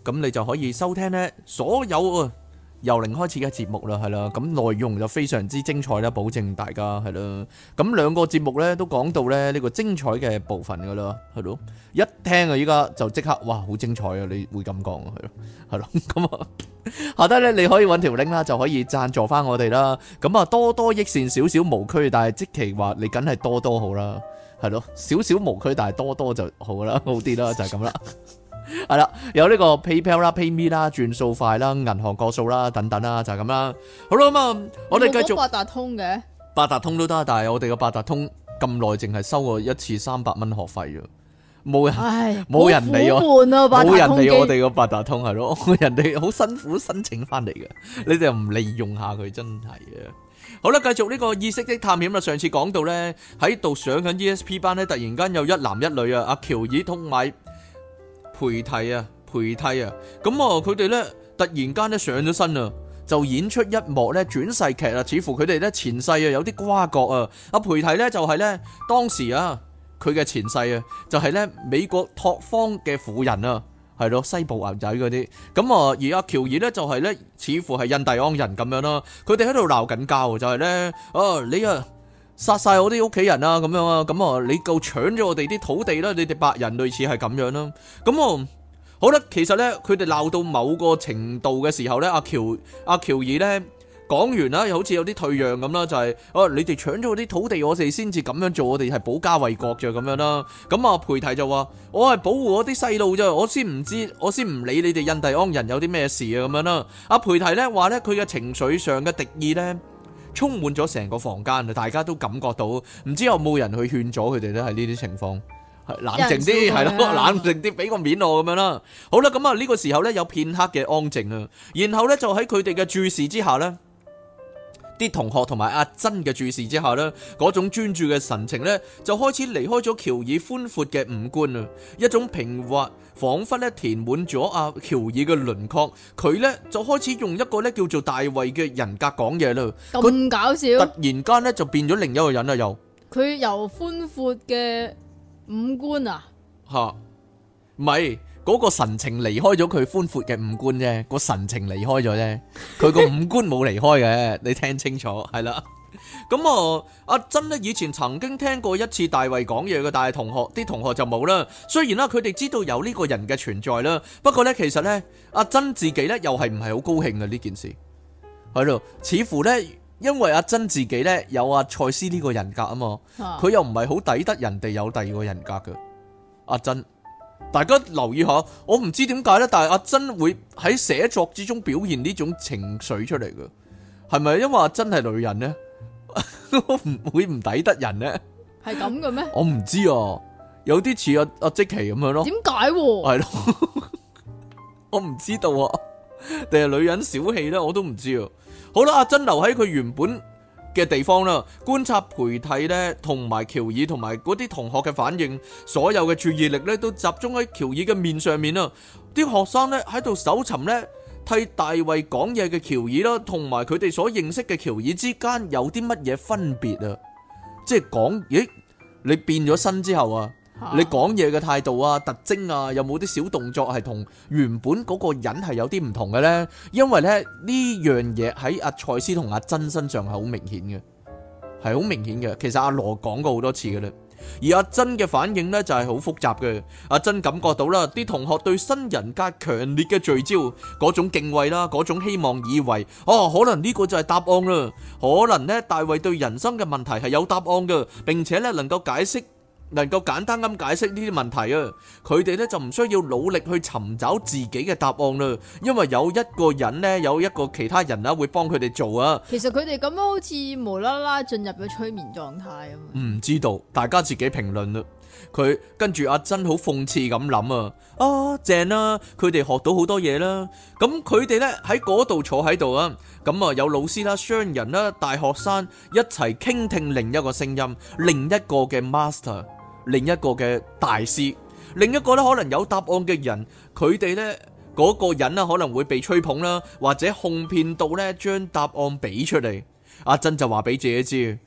咁你就可以收聽咧所有。由零開始嘅節目啦，係啦，咁內容就非常之精彩啦，保證大家係啦。咁兩個節目呢，都講到咧呢個精彩嘅部分噶啦，係咯。一聽啊，依家就即刻哇，好精彩啊！你會咁講啊，係咯，係咯。咁啊，下低呢，你可以揾條 link 啦，就可以贊助翻我哋啦。咁啊，多多益善少少無區，但係即期話你梗係多多好啦，係咯，少少無區，但係多多，多多就好啦，好啲啦，就係咁啦。 係啦，有呢個 PayPal 啦 Pay、PayMe 啦、轉數快啦、銀行個數啦等等啦，就係咁啦。好啦咁啊，我哋繼續八達通嘅八達通都得，但係我哋個八達通咁耐，淨係收過一次三百蚊學費啊，冇人冇人理我冇人理我哋個八達通係咯住，人哋好辛苦申請翻嚟嘅，你哋又唔利用下佢真係啊！好啦，繼續呢個意識的探險啦，上次講到咧喺度上緊 ESP 班咧，突然間有一男一女啊，阿喬爾同埋。裴替啊，裴替啊，咁啊，佢哋咧突然間咧上咗身啊，就演出一幕咧轉世劇啊，似乎佢哋咧前世啊有啲瓜葛啊。阿培替咧就係、是、咧當時啊佢嘅前世啊就係、是、咧美國拓荒嘅婦人啊，係咯、啊、西部牛仔嗰啲。咁啊而阿喬爾咧就係、是、咧似乎係印第安人咁樣啦、啊，佢哋喺度鬧緊交就係咧哦你啊殺晒我啲屋企人啊，咁樣啊，咁啊，你夠搶咗我哋啲土地啦，你哋白人類似係咁樣啦，咁啊，好啦，其實咧，佢哋鬧到某個程度嘅時候咧，阿喬阿喬爾咧講完啦，又好似有啲退讓咁啦，就係哦，你哋搶咗我啲土地，我哋先至咁樣做，我哋係保家衛國咋咁樣啦，咁啊，培提就話我係保護我啲細路咋，我先唔知，我先唔理你哋印第安人有啲咩事啊咁樣啦，阿培提咧話咧佢嘅情緒上嘅敵意咧。充滿咗成個房間啊！大家都感覺到，唔知有冇人去勸阻佢哋咧？喺呢啲情況，冷靜啲係咯，冷靜啲，俾個面我咁樣啦。好啦，咁啊呢個時候呢，有片刻嘅安靜啊，然後呢，就喺佢哋嘅注視之下呢，啲同學同埋阿珍嘅注視之下呢，嗰種專注嘅神情呢，就開始離開咗喬爾寬闊嘅五官啊，一種平滑。仿佛咧填滿咗阿喬爾嘅輪廓，佢咧就開始用一個咧叫做大衛嘅人格講嘢啦。咁搞笑！突然間咧就變咗另一個人啦，又佢由寬闊嘅五官啊吓，唔係。 嗰個神情離開咗佢寬闊嘅五官啫，個神情離開咗啫，佢個五官冇離開嘅， 你聽清楚係啦。咁、 嗯、啊，阿珍呢，以前曾經聽過一次大衛講嘢嘅，但係同學啲同學就冇啦。雖然啦、啊，佢哋知道有呢個人嘅存在啦，不過呢，其實呢，阿、啊、珍自己呢又係唔係好高興嘅呢件事喺度。似乎呢，因為阿、啊、珍自己呢有阿、啊、賽斯呢個人格啊嘛，佢又唔係好抵得人哋有第二個人格嘅阿、啊、珍。大家留意下，我唔知點解咧，但係阿珍會喺寫作之中表現呢種情緒出嚟嘅，係咪因為阿珍係女人咧，唔 會唔抵得人咧？係咁嘅咩？我唔知啊，有啲似阿阿積琪咁樣咯。點解？係咯，我唔知道，啊。定係女人小氣咧？我都唔知。啊。好啦，阿珍留喺佢原本，嘅地方啦，觀察培體咧，同埋喬爾同埋嗰啲同學嘅反應，所有嘅注意力咧都集中喺喬爾嘅面上面啊，啲學生咧喺度搜尋咧替大衛講嘢嘅喬爾啦，同埋佢哋所認識嘅喬爾之間有啲乜嘢分別啊？即係講咦，你變咗身之後啊？你講嘢嘅態度啊、特徵啊，有冇啲小動作係同原本嗰個人係有啲唔同嘅呢？因為咧呢樣嘢喺阿賽斯同阿珍身上係好明顯嘅，係好明顯嘅。其實阿羅講過好多次嘅啦，而阿珍嘅反應呢就係好複雜嘅。阿珍感覺到啦，啲同學對新人格強烈嘅聚焦，嗰種敬畏啦，嗰種希望以為，哦，可能呢個就係答案啦，可能呢大衛對人生嘅問題係有答案嘅，並且呢能夠解釋。能夠簡單咁解釋呢啲問題啊，佢哋咧就唔需要努力去尋找自己嘅答案啦，因為有一個人咧有一個其他人啦會幫佢哋做啊。其實佢哋咁樣好似無啦啦進入咗催眠狀態啊！唔知道，大家自己評論啊。佢跟住阿珍好諷刺咁諗啊，啊正啦，佢哋學到好多嘢啦。咁佢哋咧喺嗰度坐喺度啊，咁啊有老師啦、商人啦、大學生一齊傾聽另一個聲音，另一個嘅 master。另一個嘅大師，另一個咧可能有答案嘅人，佢哋咧嗰個人啦，可能會被吹捧啦，或者哄騙到咧，將答案俾出嚟。阿珍就話俾自己知，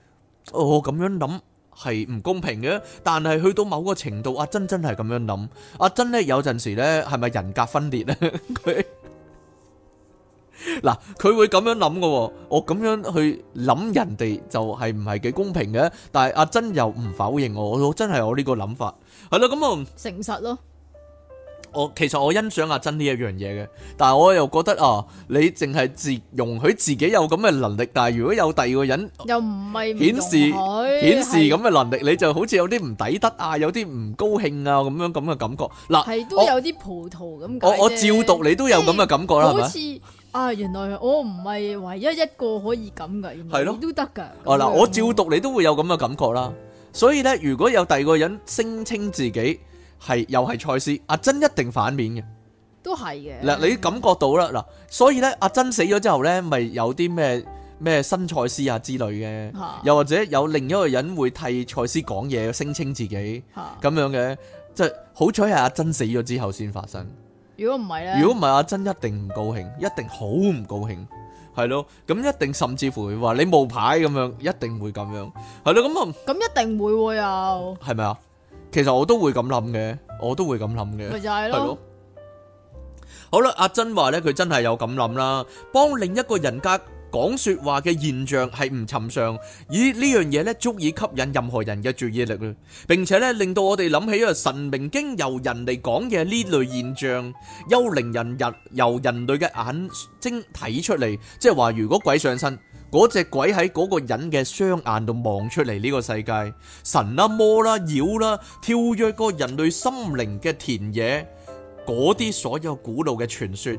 哦，咁樣諗係唔公平嘅，但係去到某個程度，阿珍真係咁樣諗。阿珍咧有陣時咧係咪人格分裂啊？佢。嗱，佢會咁樣諗嘅，我咁樣去諗人哋就係唔係幾公平嘅。但係阿珍又唔否認我，我真係我呢個諗法係咯。咁啊，誠實咯。我其實我欣賞阿珍呢一樣嘢嘅，但係我又覺得啊，你淨係自容許自己有咁嘅能力，但係如果有第二個人又唔係顯示顯示咁嘅能力，你就好似有啲唔抵得啊，有啲唔高興啊咁樣咁嘅感覺。嗱，係都有啲葡萄咁。我我照讀你都有咁嘅感覺係咪？啊，原來我唔係唯一一個可以咁嘅，你都得嘅。哦的，嗱，我照讀你都會有咁嘅感覺啦。嗯、所以咧，如果有第二個人聲稱自己係又係賽斯，阿珍一定反面嘅。都係嘅。嗱，你感覺到啦，嗱，所以咧，阿珍死咗之後咧，咪有啲咩咩新賽斯啊之類嘅，啊、又或者有另一個人會替賽斯講嘢聲稱自己咁樣嘅，即係、啊、好彩係阿珍死咗之後先發生。如果唔係咧，如果唔係阿珍一定唔高興，一定好唔高興，係咯，咁一定甚至乎會話你冒牌咁樣，一定會咁樣，係咯，咁啊，咁一定會喎又，係咪啊？其實我都會咁諗嘅，我都會咁諗嘅，咪就係咯，係咯，好啦，阿珍話咧，佢真係有咁諗啦，幫另一個人家。講說話嘅現象係唔尋常，而呢樣嘢咧足以吸引任何人嘅注意力啦，並且咧令到我哋諗起一個神明經由人哋講嘅呢類現象，幽靈人日由人類嘅眼睛睇出嚟，即係話如果鬼上身，嗰隻鬼喺嗰個人嘅雙眼度望出嚟呢、呢個世界，神啦、啊、魔啦、啊、妖啦、啊，跳躍過人類心靈嘅田野，嗰啲所有古老嘅傳說。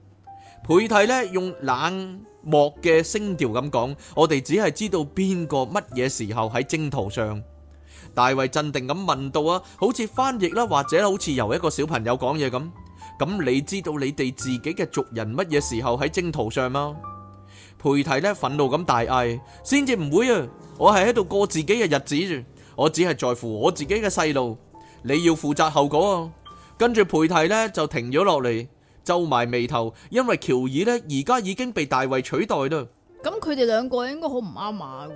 佩提呢用冷漠嘅聲調咁講，我哋只係知道邊個乜嘢時候喺征途上。大衛鎮定咁問道：「啊，好似翻譯啦，或者好似由一個小朋友講嘢咁。咁你知道你哋自己嘅族人乜嘢時候喺征途上嗎？佩提呢憤怒咁大嗌，先至唔會啊！我係喺度過自己嘅日子，我只係在乎我自己嘅細路。你要負責後果啊！跟住佩提呢就停咗落嚟。皺埋眉頭，因為喬爾呢而家已經被大衛取代啦。咁佢哋兩個應該好唔啱碼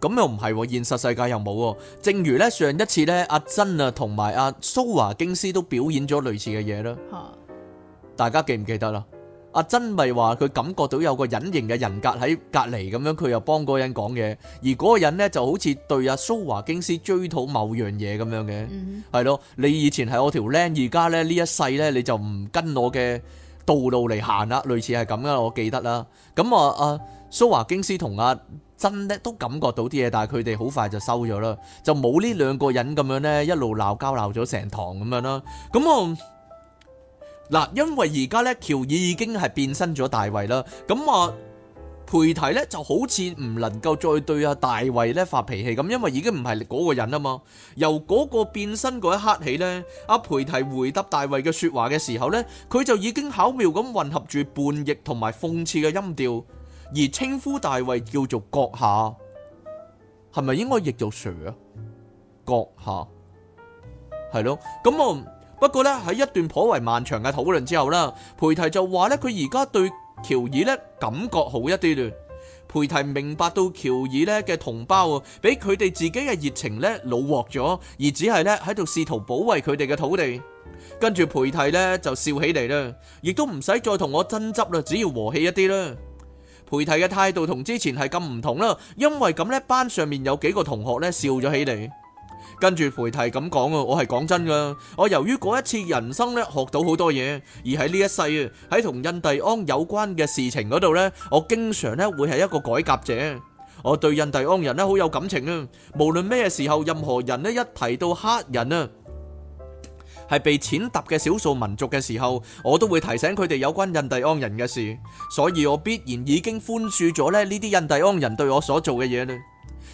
噶。咁又唔係、啊、現實世界又冇、啊，正如呢上一次呢，阿珍啊同埋阿蘇華京斯都表演咗類似嘅嘢啦。吓、嗯，大家記唔記得啦？阿珍咪話佢感覺到有個隱形嘅人格喺隔離咁樣，佢又幫嗰個人講嘢，而嗰個人呢，就好似對阿蘇華京斯追討某樣嘢咁樣嘅，係咯、嗯哼？你以前係我條靚，而家咧呢一世呢，你就唔跟我嘅道路嚟行啦，類似係咁樣，我記得啦。咁啊，阿蘇華京斯同阿珍呢，都感覺到啲嘢，但係佢哋好快就收咗啦，就冇呢兩個人咁樣呢，一路鬧交鬧咗成堂咁樣啦。咁我～、啊嗱，因為而家咧，喬爾已經係變身咗大衛啦，咁啊，培提咧就好似唔能夠再對阿大衛咧發脾氣咁，因為已經唔係嗰個人啦嘛。由嗰個變身嗰一刻起咧，阿、啊、培提回答大衛嘅說話嘅時候咧，佢就已經巧妙咁混合住叛逆同埋諷刺嘅音調，而稱呼大衛叫做閣下，係咪應該譯做 Sir 啊？閣下，係咯，咁我。不過咧，喺一段頗為漫長嘅討論之後呢，裴提就話咧，佢而家對喬爾咧感覺好一啲咯。裴提明白到喬爾呢嘅同胞啊，俾佢哋自己嘅熱情咧老獲咗，而只係咧喺度試圖保衛佢哋嘅土地。跟住裴提呢就笑起嚟啦，亦都唔使再同我爭執啦，只要和氣一啲啦。裴提嘅態度同之前係咁唔同啦，因為咁呢班上面有幾個同學咧笑咗起嚟。跟住陪提咁講啊，我係講真㗎。我由於嗰一次人生呢學到好多嘢，而喺呢一世啊，喺同印第安有關嘅事情嗰度呢，我經常呢會係一個改革者。我對印第安人呢好有感情啊。無論咩時候，任何人呢一提到黑人啊，係被踐踏嘅少數民族嘅時候，我都會提醒佢哋有關印第安人嘅事。所以我必然已經寬恕咗呢呢啲印第安人對我所做嘅嘢呢。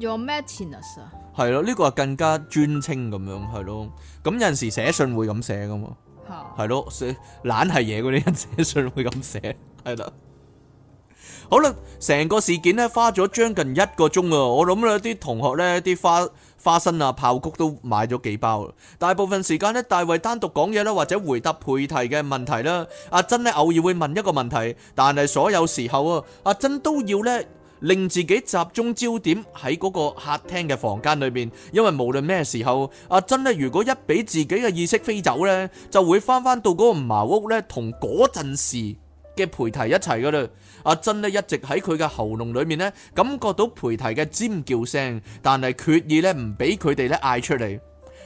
Your Matins 啊，係咯，呢個係更加尊稱咁樣，係咯，咁有陣時寫信會咁寫噶嘛，係咯，懶係嘢嗰啲人寫信會咁寫，係啦，好啦，成個事件咧花咗將近一個鐘啊，我諗咧啲同學咧啲花花生啊、爆谷都買咗幾包啦，大部分時間咧大衛單獨講嘢啦，或者回答配題嘅問題啦，阿珍咧偶爾會問一個問題，但係所有時候啊，阿珍都要咧。令自己集中焦點喺嗰個客廳嘅房間裏面，因為無論咩時候，阿珍咧如果一俾自己嘅意識飛走呢就會返返到嗰個茅屋呢。同嗰陣時嘅培提一齊噶啦。阿珍咧一直喺佢嘅喉嚨裏面呢感覺到培提嘅尖叫聲，但係決意呢唔俾佢哋咧嗌出嚟。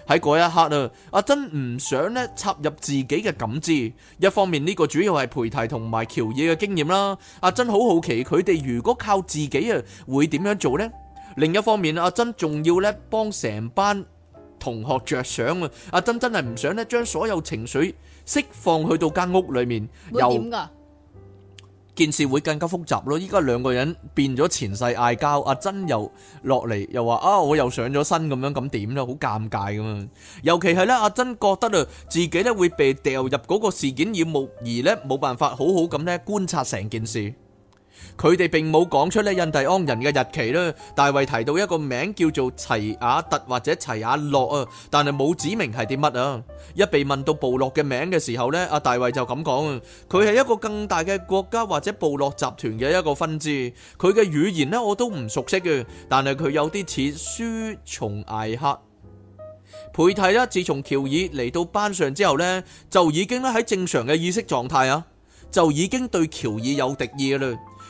喺嗰一刻啊，阿珍唔想咧插入自己嘅感知。一方面呢、這個主要係裴提同埋喬野嘅經驗啦，阿珍好好奇佢哋如果靠自己啊會點樣做呢？另一方面阿珍仲要咧幫成班同學着想啊，阿珍真係唔想咧將所有情緒釋放去到間屋裏面。會件事會更加複雜咯。依家兩個人變咗前世嗌交，阿珍又落嚟又話啊，我又上咗身咁樣，咁點呢？好尷尬咁樣。尤其係咧，阿珍覺得啊，自己咧會被掉入嗰個事件耳目，而咧冇辦法好好咁咧觀察成件事。佢哋並冇講出咧印第安人嘅日期啦。大衛提到一個名叫做齊亞特或者齊亞洛啊，但係冇指明係啲乜啊。一被問到部落嘅名嘅時候呢，阿大衛就咁講啊，佢係一個更大嘅國家或者部落集團嘅一個分支。佢嘅語言咧我都唔熟悉嘅，但係佢有啲似舒松艾克。培蒂啦，自從喬爾嚟到班上之後呢，就已經咧喺正常嘅意識狀態啊，就已經對喬爾有敵意啦。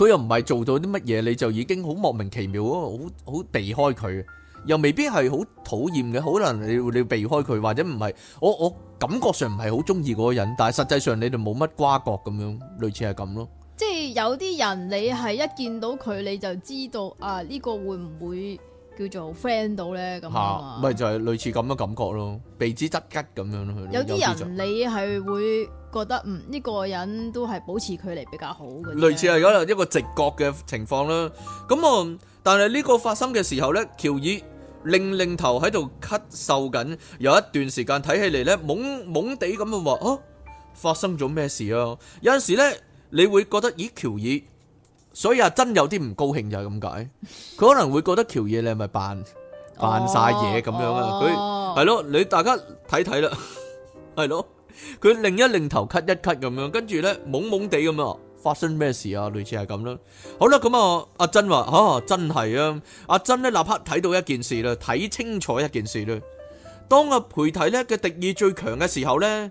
佢又唔係做到啲乜嘢，你就已經好莫名其妙，好好避開佢，又未必係好討厭嘅，可能你你避開佢，或者唔係，我我感覺上唔係好中意嗰個人，但係實際上你哋冇乜瓜葛咁樣，類似係咁咯。即係有啲人你係一見到佢你就知道啊，呢個會唔會？叫做 friend 到咧咁啊，咪就係類似咁嘅感覺咯，避之則吉咁樣咯。有啲人你係會覺得嗯，呢個人都係保持距離比較好嘅。類似係有一個直覺嘅情況啦。咁啊，但係呢個發生嘅時候咧，喬爾令令頭喺度咳嗽緊，有一段時間睇起嚟咧懵懵地咁樣話，哦，發生咗咩事啊？有陣時咧，你會覺得咦，喬爾。所以阿珍有啲唔高興就係咁解，佢可能會覺得喬爺你係咪扮扮晒嘢，咁樣啊，佢係咯，你大家睇睇啦，係咯，佢擰一擰頭，咳一咳咁樣，跟住咧懵懵地咁樣，發生咩事啊？類似係咁啦。好啦，咁啊，阿珍話，吓真係啊，阿珍咧立刻睇到一件事啦，睇清楚一件事啦。當阿培提咧嘅敵意最強嘅時候咧，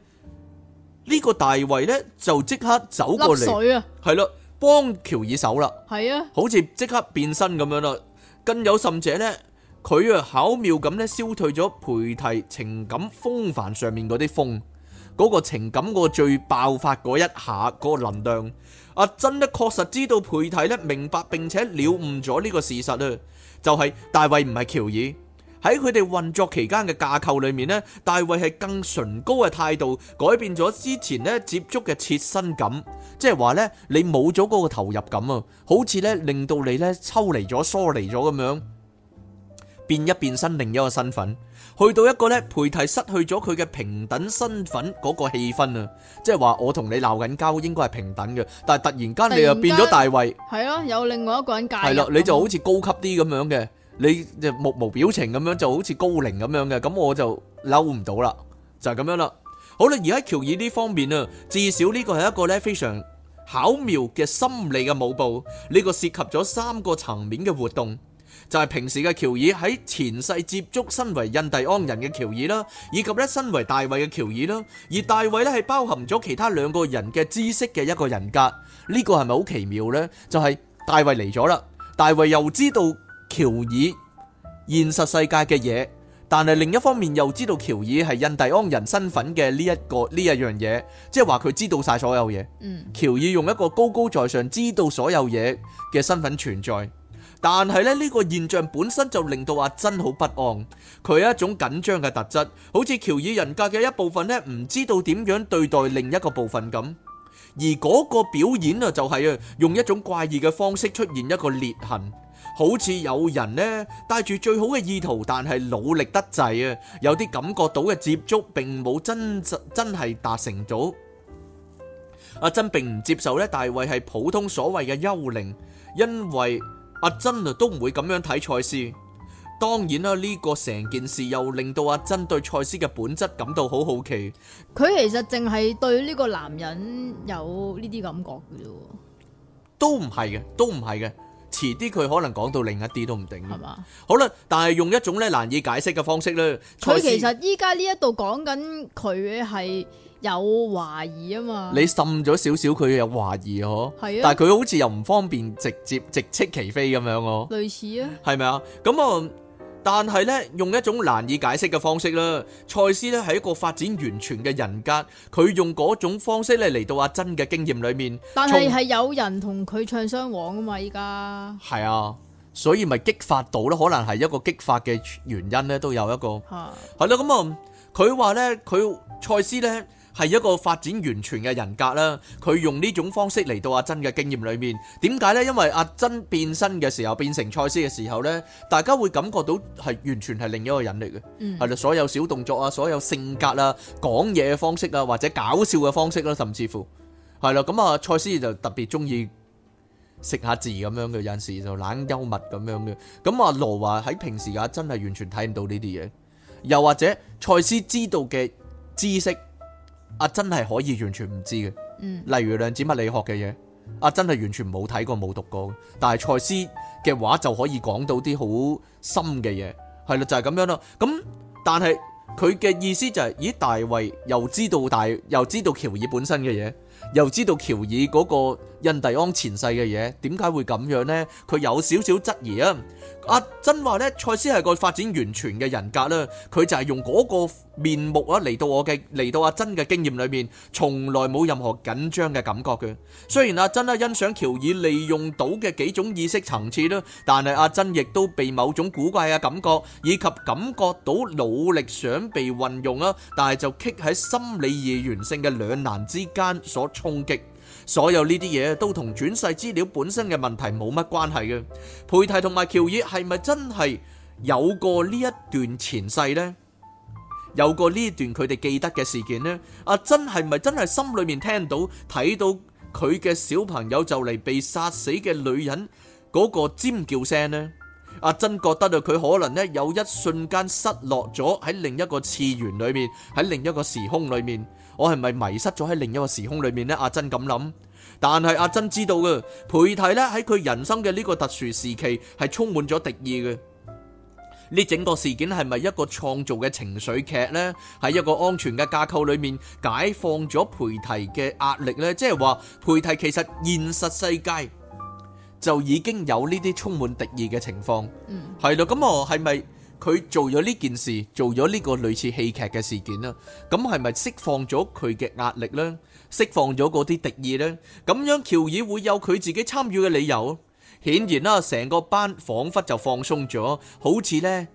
呢個大衛咧就即刻走過嚟，係咯。幫喬爾手啦，係啊，好似即刻變身咁樣咯。更有甚者，呢佢啊巧妙咁咧消退咗培提情感風帆上面嗰啲風，嗰、那個情感個最爆發嗰一下嗰、那個能量，阿珍呢確實知道培提呢明白並且了悟咗呢個事實啊，就係、是、大衛唔係喬爾。喺佢哋運作期間嘅架構裏面呢，大衛係更崇高嘅態度改變咗之前呢接觸嘅切身感，即係話呢，你冇咗嗰個投入感啊，好似呢令到你呢抽離咗、疏離咗咁樣，變一變身另一個身份，去到一個呢，陪提，失去咗佢嘅平等身份嗰個氣氛啊，即係話我同你鬧緊交應該係平等嘅，但係突然間你又變咗大衛，係啊，有另外一個人介入，係嘞，你就好似高級啲咁樣嘅。你就目無表情咁樣就好似高靈咁樣嘅，咁我就嬲唔到啦，就係咁樣啦。好啦，而喺喬爾呢方面啊，至少呢個係一個咧非常巧妙嘅心理嘅舞步，呢個涉及咗三個層面嘅活動，就係平時嘅喬爾喺前世接觸身為印第安人嘅喬爾啦，以及咧身為大衛嘅喬爾啦，而大衛咧係包含咗其他兩個人嘅知識嘅一個人格，呢個係咪好奇妙咧？就係大衛嚟咗啦，大衛又知道。喬爾現實世界嘅嘢，但係另一方面又知道喬爾係印第安人身份嘅呢一個呢一樣嘢，即係話佢知道晒所有嘢。嗯，喬爾用一個高高在上、知道所有嘢嘅身份存在，但係咧呢個現象本身就令到阿珍好不安。佢係一種緊張嘅特質，好似喬爾人格嘅一部分呢唔知道點樣對待另一個部分咁。而嗰個表演啊，就係啊用一種怪異嘅方式出現一個裂痕。好似有人咧帶住最好嘅意圖，但係努力得滯啊！有啲感覺到嘅接觸，並冇真實真係達成咗。阿珍並唔接受呢大衛係普通所謂嘅幽靈，因為阿珍啊都唔會咁樣睇賽斯。當然啦，呢個成件事又令到阿珍對賽斯嘅本質感到好好奇。佢其實淨係對呢個男人有呢啲感覺嘅都唔係嘅，都唔係嘅。遲啲佢可能講到另一啲都唔定，係嘛吧？好啦，但係用一種咧難以解釋嘅方式咧，佢其實依家呢一度講緊佢係有懷疑啊嘛。你滲咗少少，佢有懷疑呵。係啊，但係佢好似又唔方便直接直斥其非咁樣咯。類似啊，係咪啊？咁我。但係咧，用一種難以解釋嘅方式啦。賽斯咧係一個發展完全嘅人格，佢用嗰種方式咧嚟到阿珍嘅經驗裏面。但係係有人同佢唱雙簧啊嘛，依家係啊，所以咪激發到咯，可能係一個激發嘅原因咧，都有一個。係啦，咁啊，佢話咧，佢、嗯、賽斯咧。係一個發展完全嘅人格啦。佢用呢種方式嚟到阿珍嘅經驗裏面，點解呢？因為阿珍變身嘅時候變成賽斯嘅時候呢，大家會感覺到係完全係另一個人嚟嘅，係啦、嗯。所有小動作啊，所有性格啊，講嘢嘅方式啊，或者搞笑嘅方式啦，甚至乎係啦。咁啊，賽、嗯、斯就特別中意食下字咁樣嘅，有陣時就懶幽默咁樣嘅。咁、嗯、啊，羅華喺平時阿、啊、真係完全睇唔到呢啲嘢，又或者賽斯知道嘅知識。阿珍係可以完全唔知嘅，嗯、例如量子物理學嘅嘢，阿珍係完全冇睇過冇讀過，但係賽斯嘅話就可以講到啲好深嘅嘢，係啦就係、是、咁樣啦，咁但係佢嘅意思就係、是，咦大衛又知道大又知道喬爾本身嘅嘢，又知道喬爾嗰個印第安前世嘅嘢，點解會咁樣咧？佢有少少質疑啊！阿珍話咧，賽斯係個發展完全嘅人格啦，佢就係用嗰個面目啊嚟到我嘅嚟到阿珍嘅經驗裏面，從來冇任何緊張嘅感覺嘅。雖然阿珍咧欣賞喬爾利用到嘅幾種意識層次啦，但係阿珍亦都被某種古怪嘅感覺，以及感覺到努力想被運用啊，但係就棘喺心理二元性嘅兩難之間所衝擊。所有呢啲嘢都同轉世資料本身嘅問題冇乜關係嘅，佩蒂同埋喬葉係咪真係有過呢一段前世呢？有過呢段佢哋記得嘅事件呢？阿珍係咪真係心裏面聽到睇到佢嘅小朋友就嚟被殺死嘅女人嗰個尖叫聲呢？阿珍覺得佢可能呢有一瞬間失落咗喺另一個次元裏面，喺另一個時空裏面。我係咪迷失咗喺另一個時空裏面呢？阿珍咁諗，但係阿珍知道嘅，培提呢，喺佢人生嘅呢個特殊時期係充滿咗敵意嘅。呢整個事件係咪一個創造嘅情緒劇呢？喺一個安全嘅架構裏面解放咗培提嘅壓力呢？即係話培提其實現實世界就已經有呢啲充滿敵意嘅情況。嗯，係咯，咁我，係咪？佢做咗呢件事，做咗呢個類似戲劇嘅事件啦，咁係咪釋放咗佢嘅壓力呢？釋放咗嗰啲敵意呢？咁樣喬爾會有佢自己參與嘅理由？顯然啦，成個班仿佛就放鬆咗，好似呢。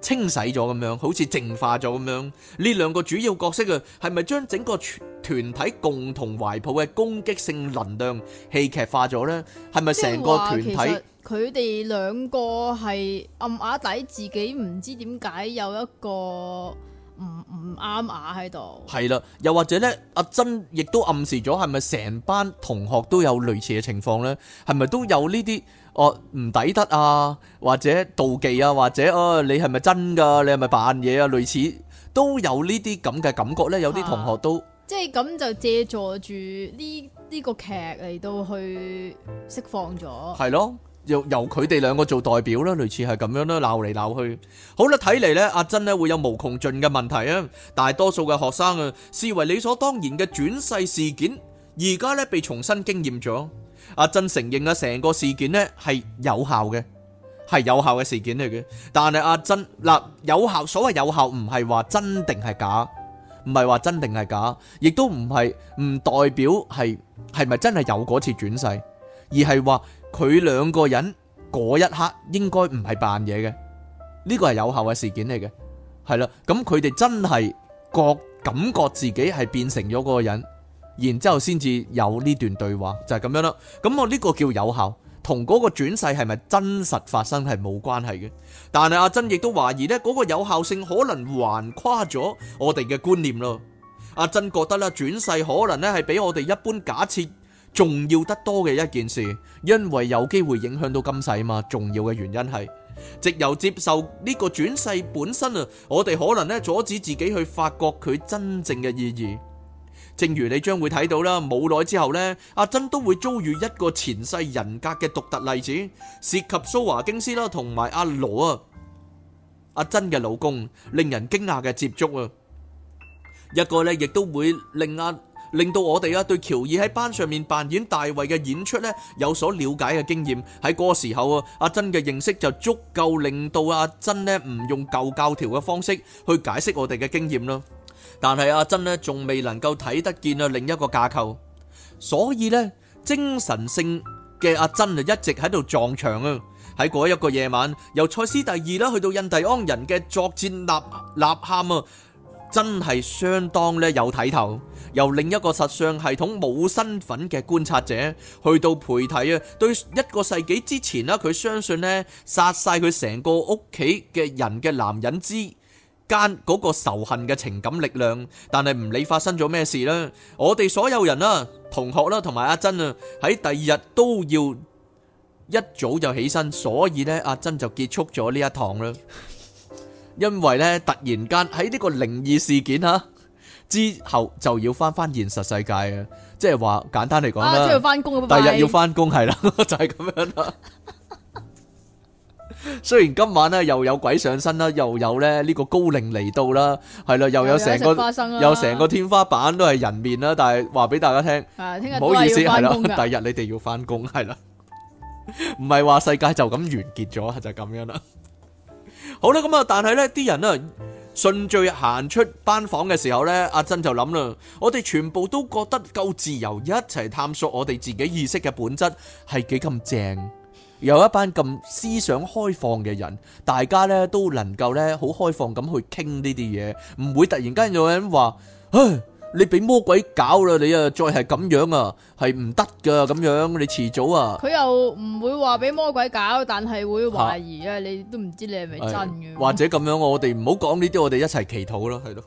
清洗咗咁樣，好似淨化咗咁樣。呢兩個主要角色啊，係咪將整個團體共同懷抱嘅攻擊性能量戲劇化咗呢？係咪成個團體？佢哋兩個係暗啞底，自己唔知點解有一個唔唔啱瓦喺度？係啦，又或者呢，阿珍亦都暗示咗，係咪成班同學都有類似嘅情況呢？係咪都有呢啲？哦，唔抵得啊，或者妒忌啊，或者哦、啊，你係咪真噶？你係咪扮嘢啊？類似都有呢啲咁嘅感覺呢、啊、有啲同學都即係咁就借助住呢呢個劇嚟到去釋放咗。係咯，由由佢哋兩個做代表啦，類似係咁樣啦，鬧嚟鬧去。好啦，睇嚟呢，阿珍呢會有無窮盡嘅問題啊！大多數嘅學生啊，視為理所當然嘅轉世事件，而家呢，被重新經驗咗。阿珍、啊、承認啊，成個事件呢係有效嘅，係有效嘅事件嚟嘅。但係阿珍嗱，有效所謂有效唔係話真定係假，唔係話真定係假，亦都唔係唔代表係係咪真係有嗰次轉世，而係話佢兩個人嗰一刻應該唔係扮嘢嘅，呢個係有效嘅事件嚟嘅，係啦。咁佢哋真係覺感覺自己係變成咗嗰個人。然之後先至有呢段對話，就係、是、咁樣啦。咁我呢個叫有效，同嗰個轉世係咪真實發生係冇關係嘅。但係阿珍亦都懷疑呢嗰、那個有效性可能橫跨咗我哋嘅觀念咯。阿珍覺得咧，轉世可能咧係比我哋一般假設重要得多嘅一件事，因為有機會影響到今世嘛。重要嘅原因係，藉由接受呢個轉世本身啊，我哋可能咧阻止自己去發覺佢真正嘅意義。正如你將會睇到啦，冇耐之後呢，阿珍都會遭遇一個前世人格嘅獨特例子，涉及蘇華京師啦，同埋阿羅啊，阿珍嘅老公，令人驚訝嘅接觸啊，一個呢亦都會令阿令到我哋啊對喬爾喺班上面扮演大衛嘅演出呢有所了解嘅經驗。喺嗰個時候啊，阿珍嘅認識就足夠令到阿珍呢唔用舊教條嘅方式去解釋我哋嘅經驗啦。但係阿珍呢，仲未能夠睇得見啊另一個架構，所以呢，精神性嘅阿珍啊，一直喺度撞牆啊！喺嗰一個夜晚，由賽斯第二啦，去到印第安人嘅作戰吶吶喊啊，真係相當呢有睇頭。由另一個實相系統冇身份嘅觀察者，去到陪睇啊，對一個世紀之前啦，佢相信呢，殺晒佢成個屋企嘅人嘅男人之間嗰個仇恨嘅情感力量，但係唔理發生咗咩事啦，我哋所有人啊，同學啦，同埋阿珍啊，喺第二日都要一早就起身，所以呢，阿珍就結束咗呢一堂啦。因為呢，突然間喺呢個靈異事件吓之後，就要翻翻現實世界啊，即係話簡單嚟講啦，第二日要翻工係啦，就係咁樣啦。雖然今晚咧又有鬼上身啦，又有咧呢個高靈嚟到啦，係啦，又有成個，又有成個天花板都係人面啦。但係話俾大家聽，唔好意思，係啦，第日 你哋要翻工，係啦，唔係話世界就咁完結咗，就係咁樣啦。 好啦，咁啊，但係呢啲人啊，順序行出班房嘅時候呢，阿珍就諗啦，我哋全部都覺得夠自由，一齊探索我哋自己意識嘅本質係幾咁正。有一班咁思想開放嘅人，大家咧都能夠咧好開放咁去傾呢啲嘢，唔會突然間有人話：唉，你俾魔鬼搞啦！你啊，再係咁樣啊，係唔得噶咁樣，你遲早啊。佢又唔會話俾魔鬼搞，但係會懷疑啊！你都唔知你係咪真嘅。或者咁樣，我哋唔好講呢啲，我哋一齊祈禱囉，係咯。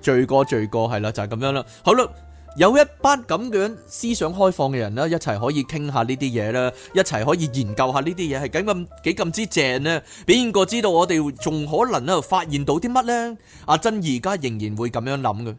罪過罪過，係啦，就係、是、咁樣啦。好啦。有一班咁樣思想開放嘅人啦，一齊可以傾下呢啲嘢啦，一齊可以研究下呢啲嘢，係幾咁幾咁之正咧。邊個知道我哋仲可能咧發現到啲乜呢？阿珍而家仍然會咁樣諗嘅。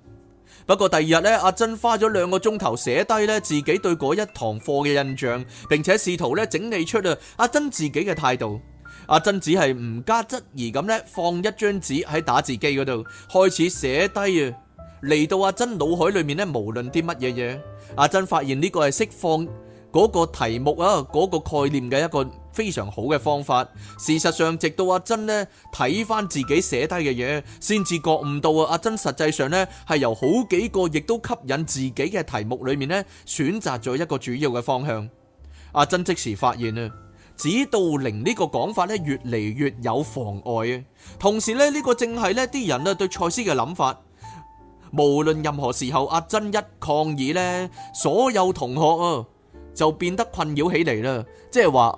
不過第二日呢，阿珍花咗兩個鐘頭寫低呢自己對嗰一堂課嘅印象，並且試圖咧整理出啊阿珍自己嘅態度。阿珍只係唔加質疑咁呢，放一張紙喺打字機嗰度開始寫低啊。嚟到阿珍腦海裏面咧，無論啲乜嘢嘢，阿珍發現呢個係釋放嗰個題目啊、嗰個概念嘅一個非常好嘅方法。事實上，直到阿珍呢睇翻自己寫低嘅嘢，先至覺悟到啊，阿珍實際上呢係由好幾個亦都吸引自己嘅題目裏面呢選擇咗一個主要嘅方向。阿珍即時發現啊，指導靈呢個講法呢越嚟越有妨礙啊。同時呢，呢個正係呢啲人啊對賽斯嘅諗法。無論任何時候，阿珍一抗議呢，所有同學啊就變得困擾起嚟啦。即係話，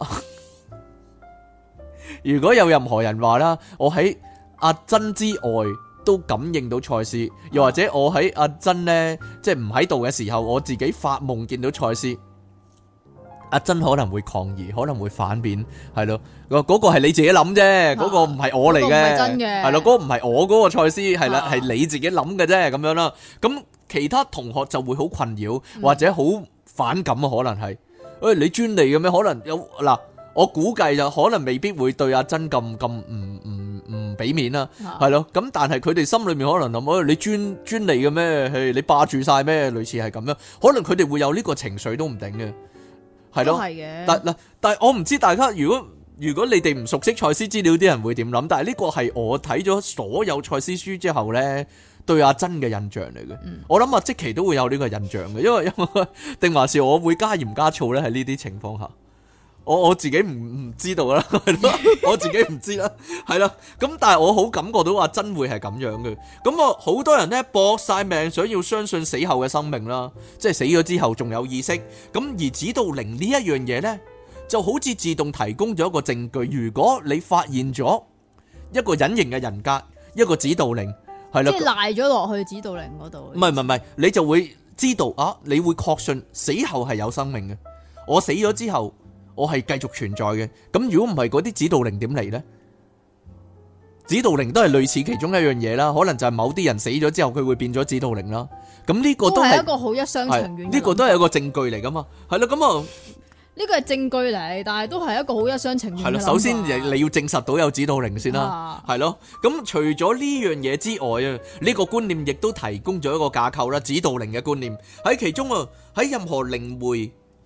如果有任何人話啦，我喺阿珍之外都感應到賽斯，又或者我喺阿珍呢，即係唔喺度嘅時候，我自己發夢見到賽斯。阿珍可能會抗議，可能會反面，係咯？嗰嗰個係你自己諗啫，嗰個唔係我嚟嘅，係咯？嗰個唔係我嗰個賽斯，係啦，係你自己諗嘅啫，咁樣啦。咁其他同學就會好困擾，或者好反感，可能係，誒，你專利嘅咩？可能有嗱，我估計就可能未必會對阿珍咁咁唔唔唔俾面啦，係咯？咁但係佢哋心裏面可能諗，你專專利嘅咩？你霸住晒咩？類似係咁樣，可能佢哋會有呢個情緒都唔定嘅。係咯對，但嗱，但係我唔知大家如果如果你哋唔熟悉賽斯資料，啲人會點諗？但係呢個係我睇咗所有賽斯書之後咧，對阿珍嘅印象嚟嘅。嗯、我諗啊，阿積奇都會有呢個印象嘅，因為因為定還是我會加鹽加醋咧，喺呢啲情況下。我我自己唔唔知道啦，係咯，我自己唔知啦，係啦。咁但係我好感覺到話真會係咁樣嘅。咁我好多人呢，搏晒命，想要相信死後嘅生命啦，即係死咗之後仲有意識。咁而指導靈呢一樣嘢呢，就好似自動提供咗一個證據。如果你發現咗一個隱形嘅人格，一個指導靈，係啦，即賴咗落去指導靈嗰度，唔係唔係，你就會知道啊，你會確信死後係有生命嘅。我死咗之後，我係繼續存在嘅，咁如果唔係嗰啲指導靈點嚟呢？指導靈都係類似其中一樣嘢啦，可能就係某啲人死咗之後佢會變咗指導靈啦。咁呢個都係一個好一廂情願。呢個都係一個證據嚟噶嘛？係咯，咁啊，呢個係證據嚟，但係都係一個好一廂情願。係啦，首先你要證實到有指導靈先啦，係咯。咁除咗呢樣嘢之外啊，呢個觀念亦都提供咗一個架構啦。指導靈嘅觀念喺其中啊，喺任何靈會。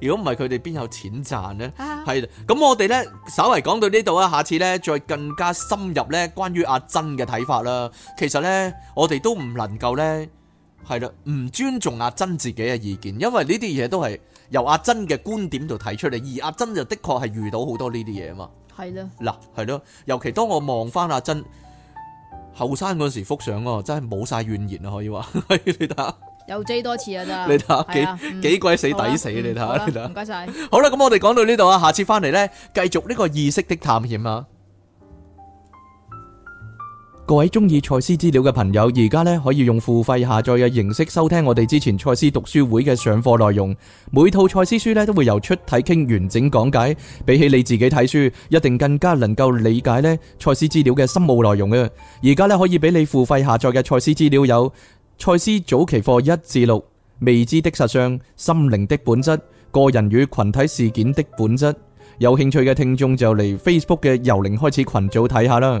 如果唔係佢哋邊有錢賺呢？係咁，啊，我哋呢，稍為講到呢度啊，下次呢，再更加深入呢，關於阿珍嘅睇法啦。其實呢，我哋都唔能夠呢，係啦，唔尊重阿珍自己嘅意見，因為呢啲嘢都係由阿珍嘅觀點度睇出嚟，而阿珍就的確係遇到好多呢啲嘢啊嘛。係啦的，嗱，係咯，尤其當我望翻阿珍後生嗰時，幅相哦，真係冇晒怨言啊，可以話。又擠多次看啊！你睇下幾幾鬼死抵死啊！你睇下，你睇下，唔該晒。好啦，咁看謝我哋講到呢度啊，下次翻嚟呢，繼續呢個意識的探險啊！各位中意賽斯資料嘅朋友，而家呢可以用付費下載嘅形式收聽我哋之前賽斯讀書會嘅上課內容。每套賽斯書呢，都會由出體傾完整講解，比起你自己睇書，一定更加能夠理解呢賽斯資料嘅深奧內容啊！而家呢，可以俾你付費下載嘅賽斯資料有，賽斯早期課一至六，未知的實相、心靈的本質、個人與群體事件的本質，有興趣嘅聽眾就嚟 Facebook 嘅由零開始群組睇下啦。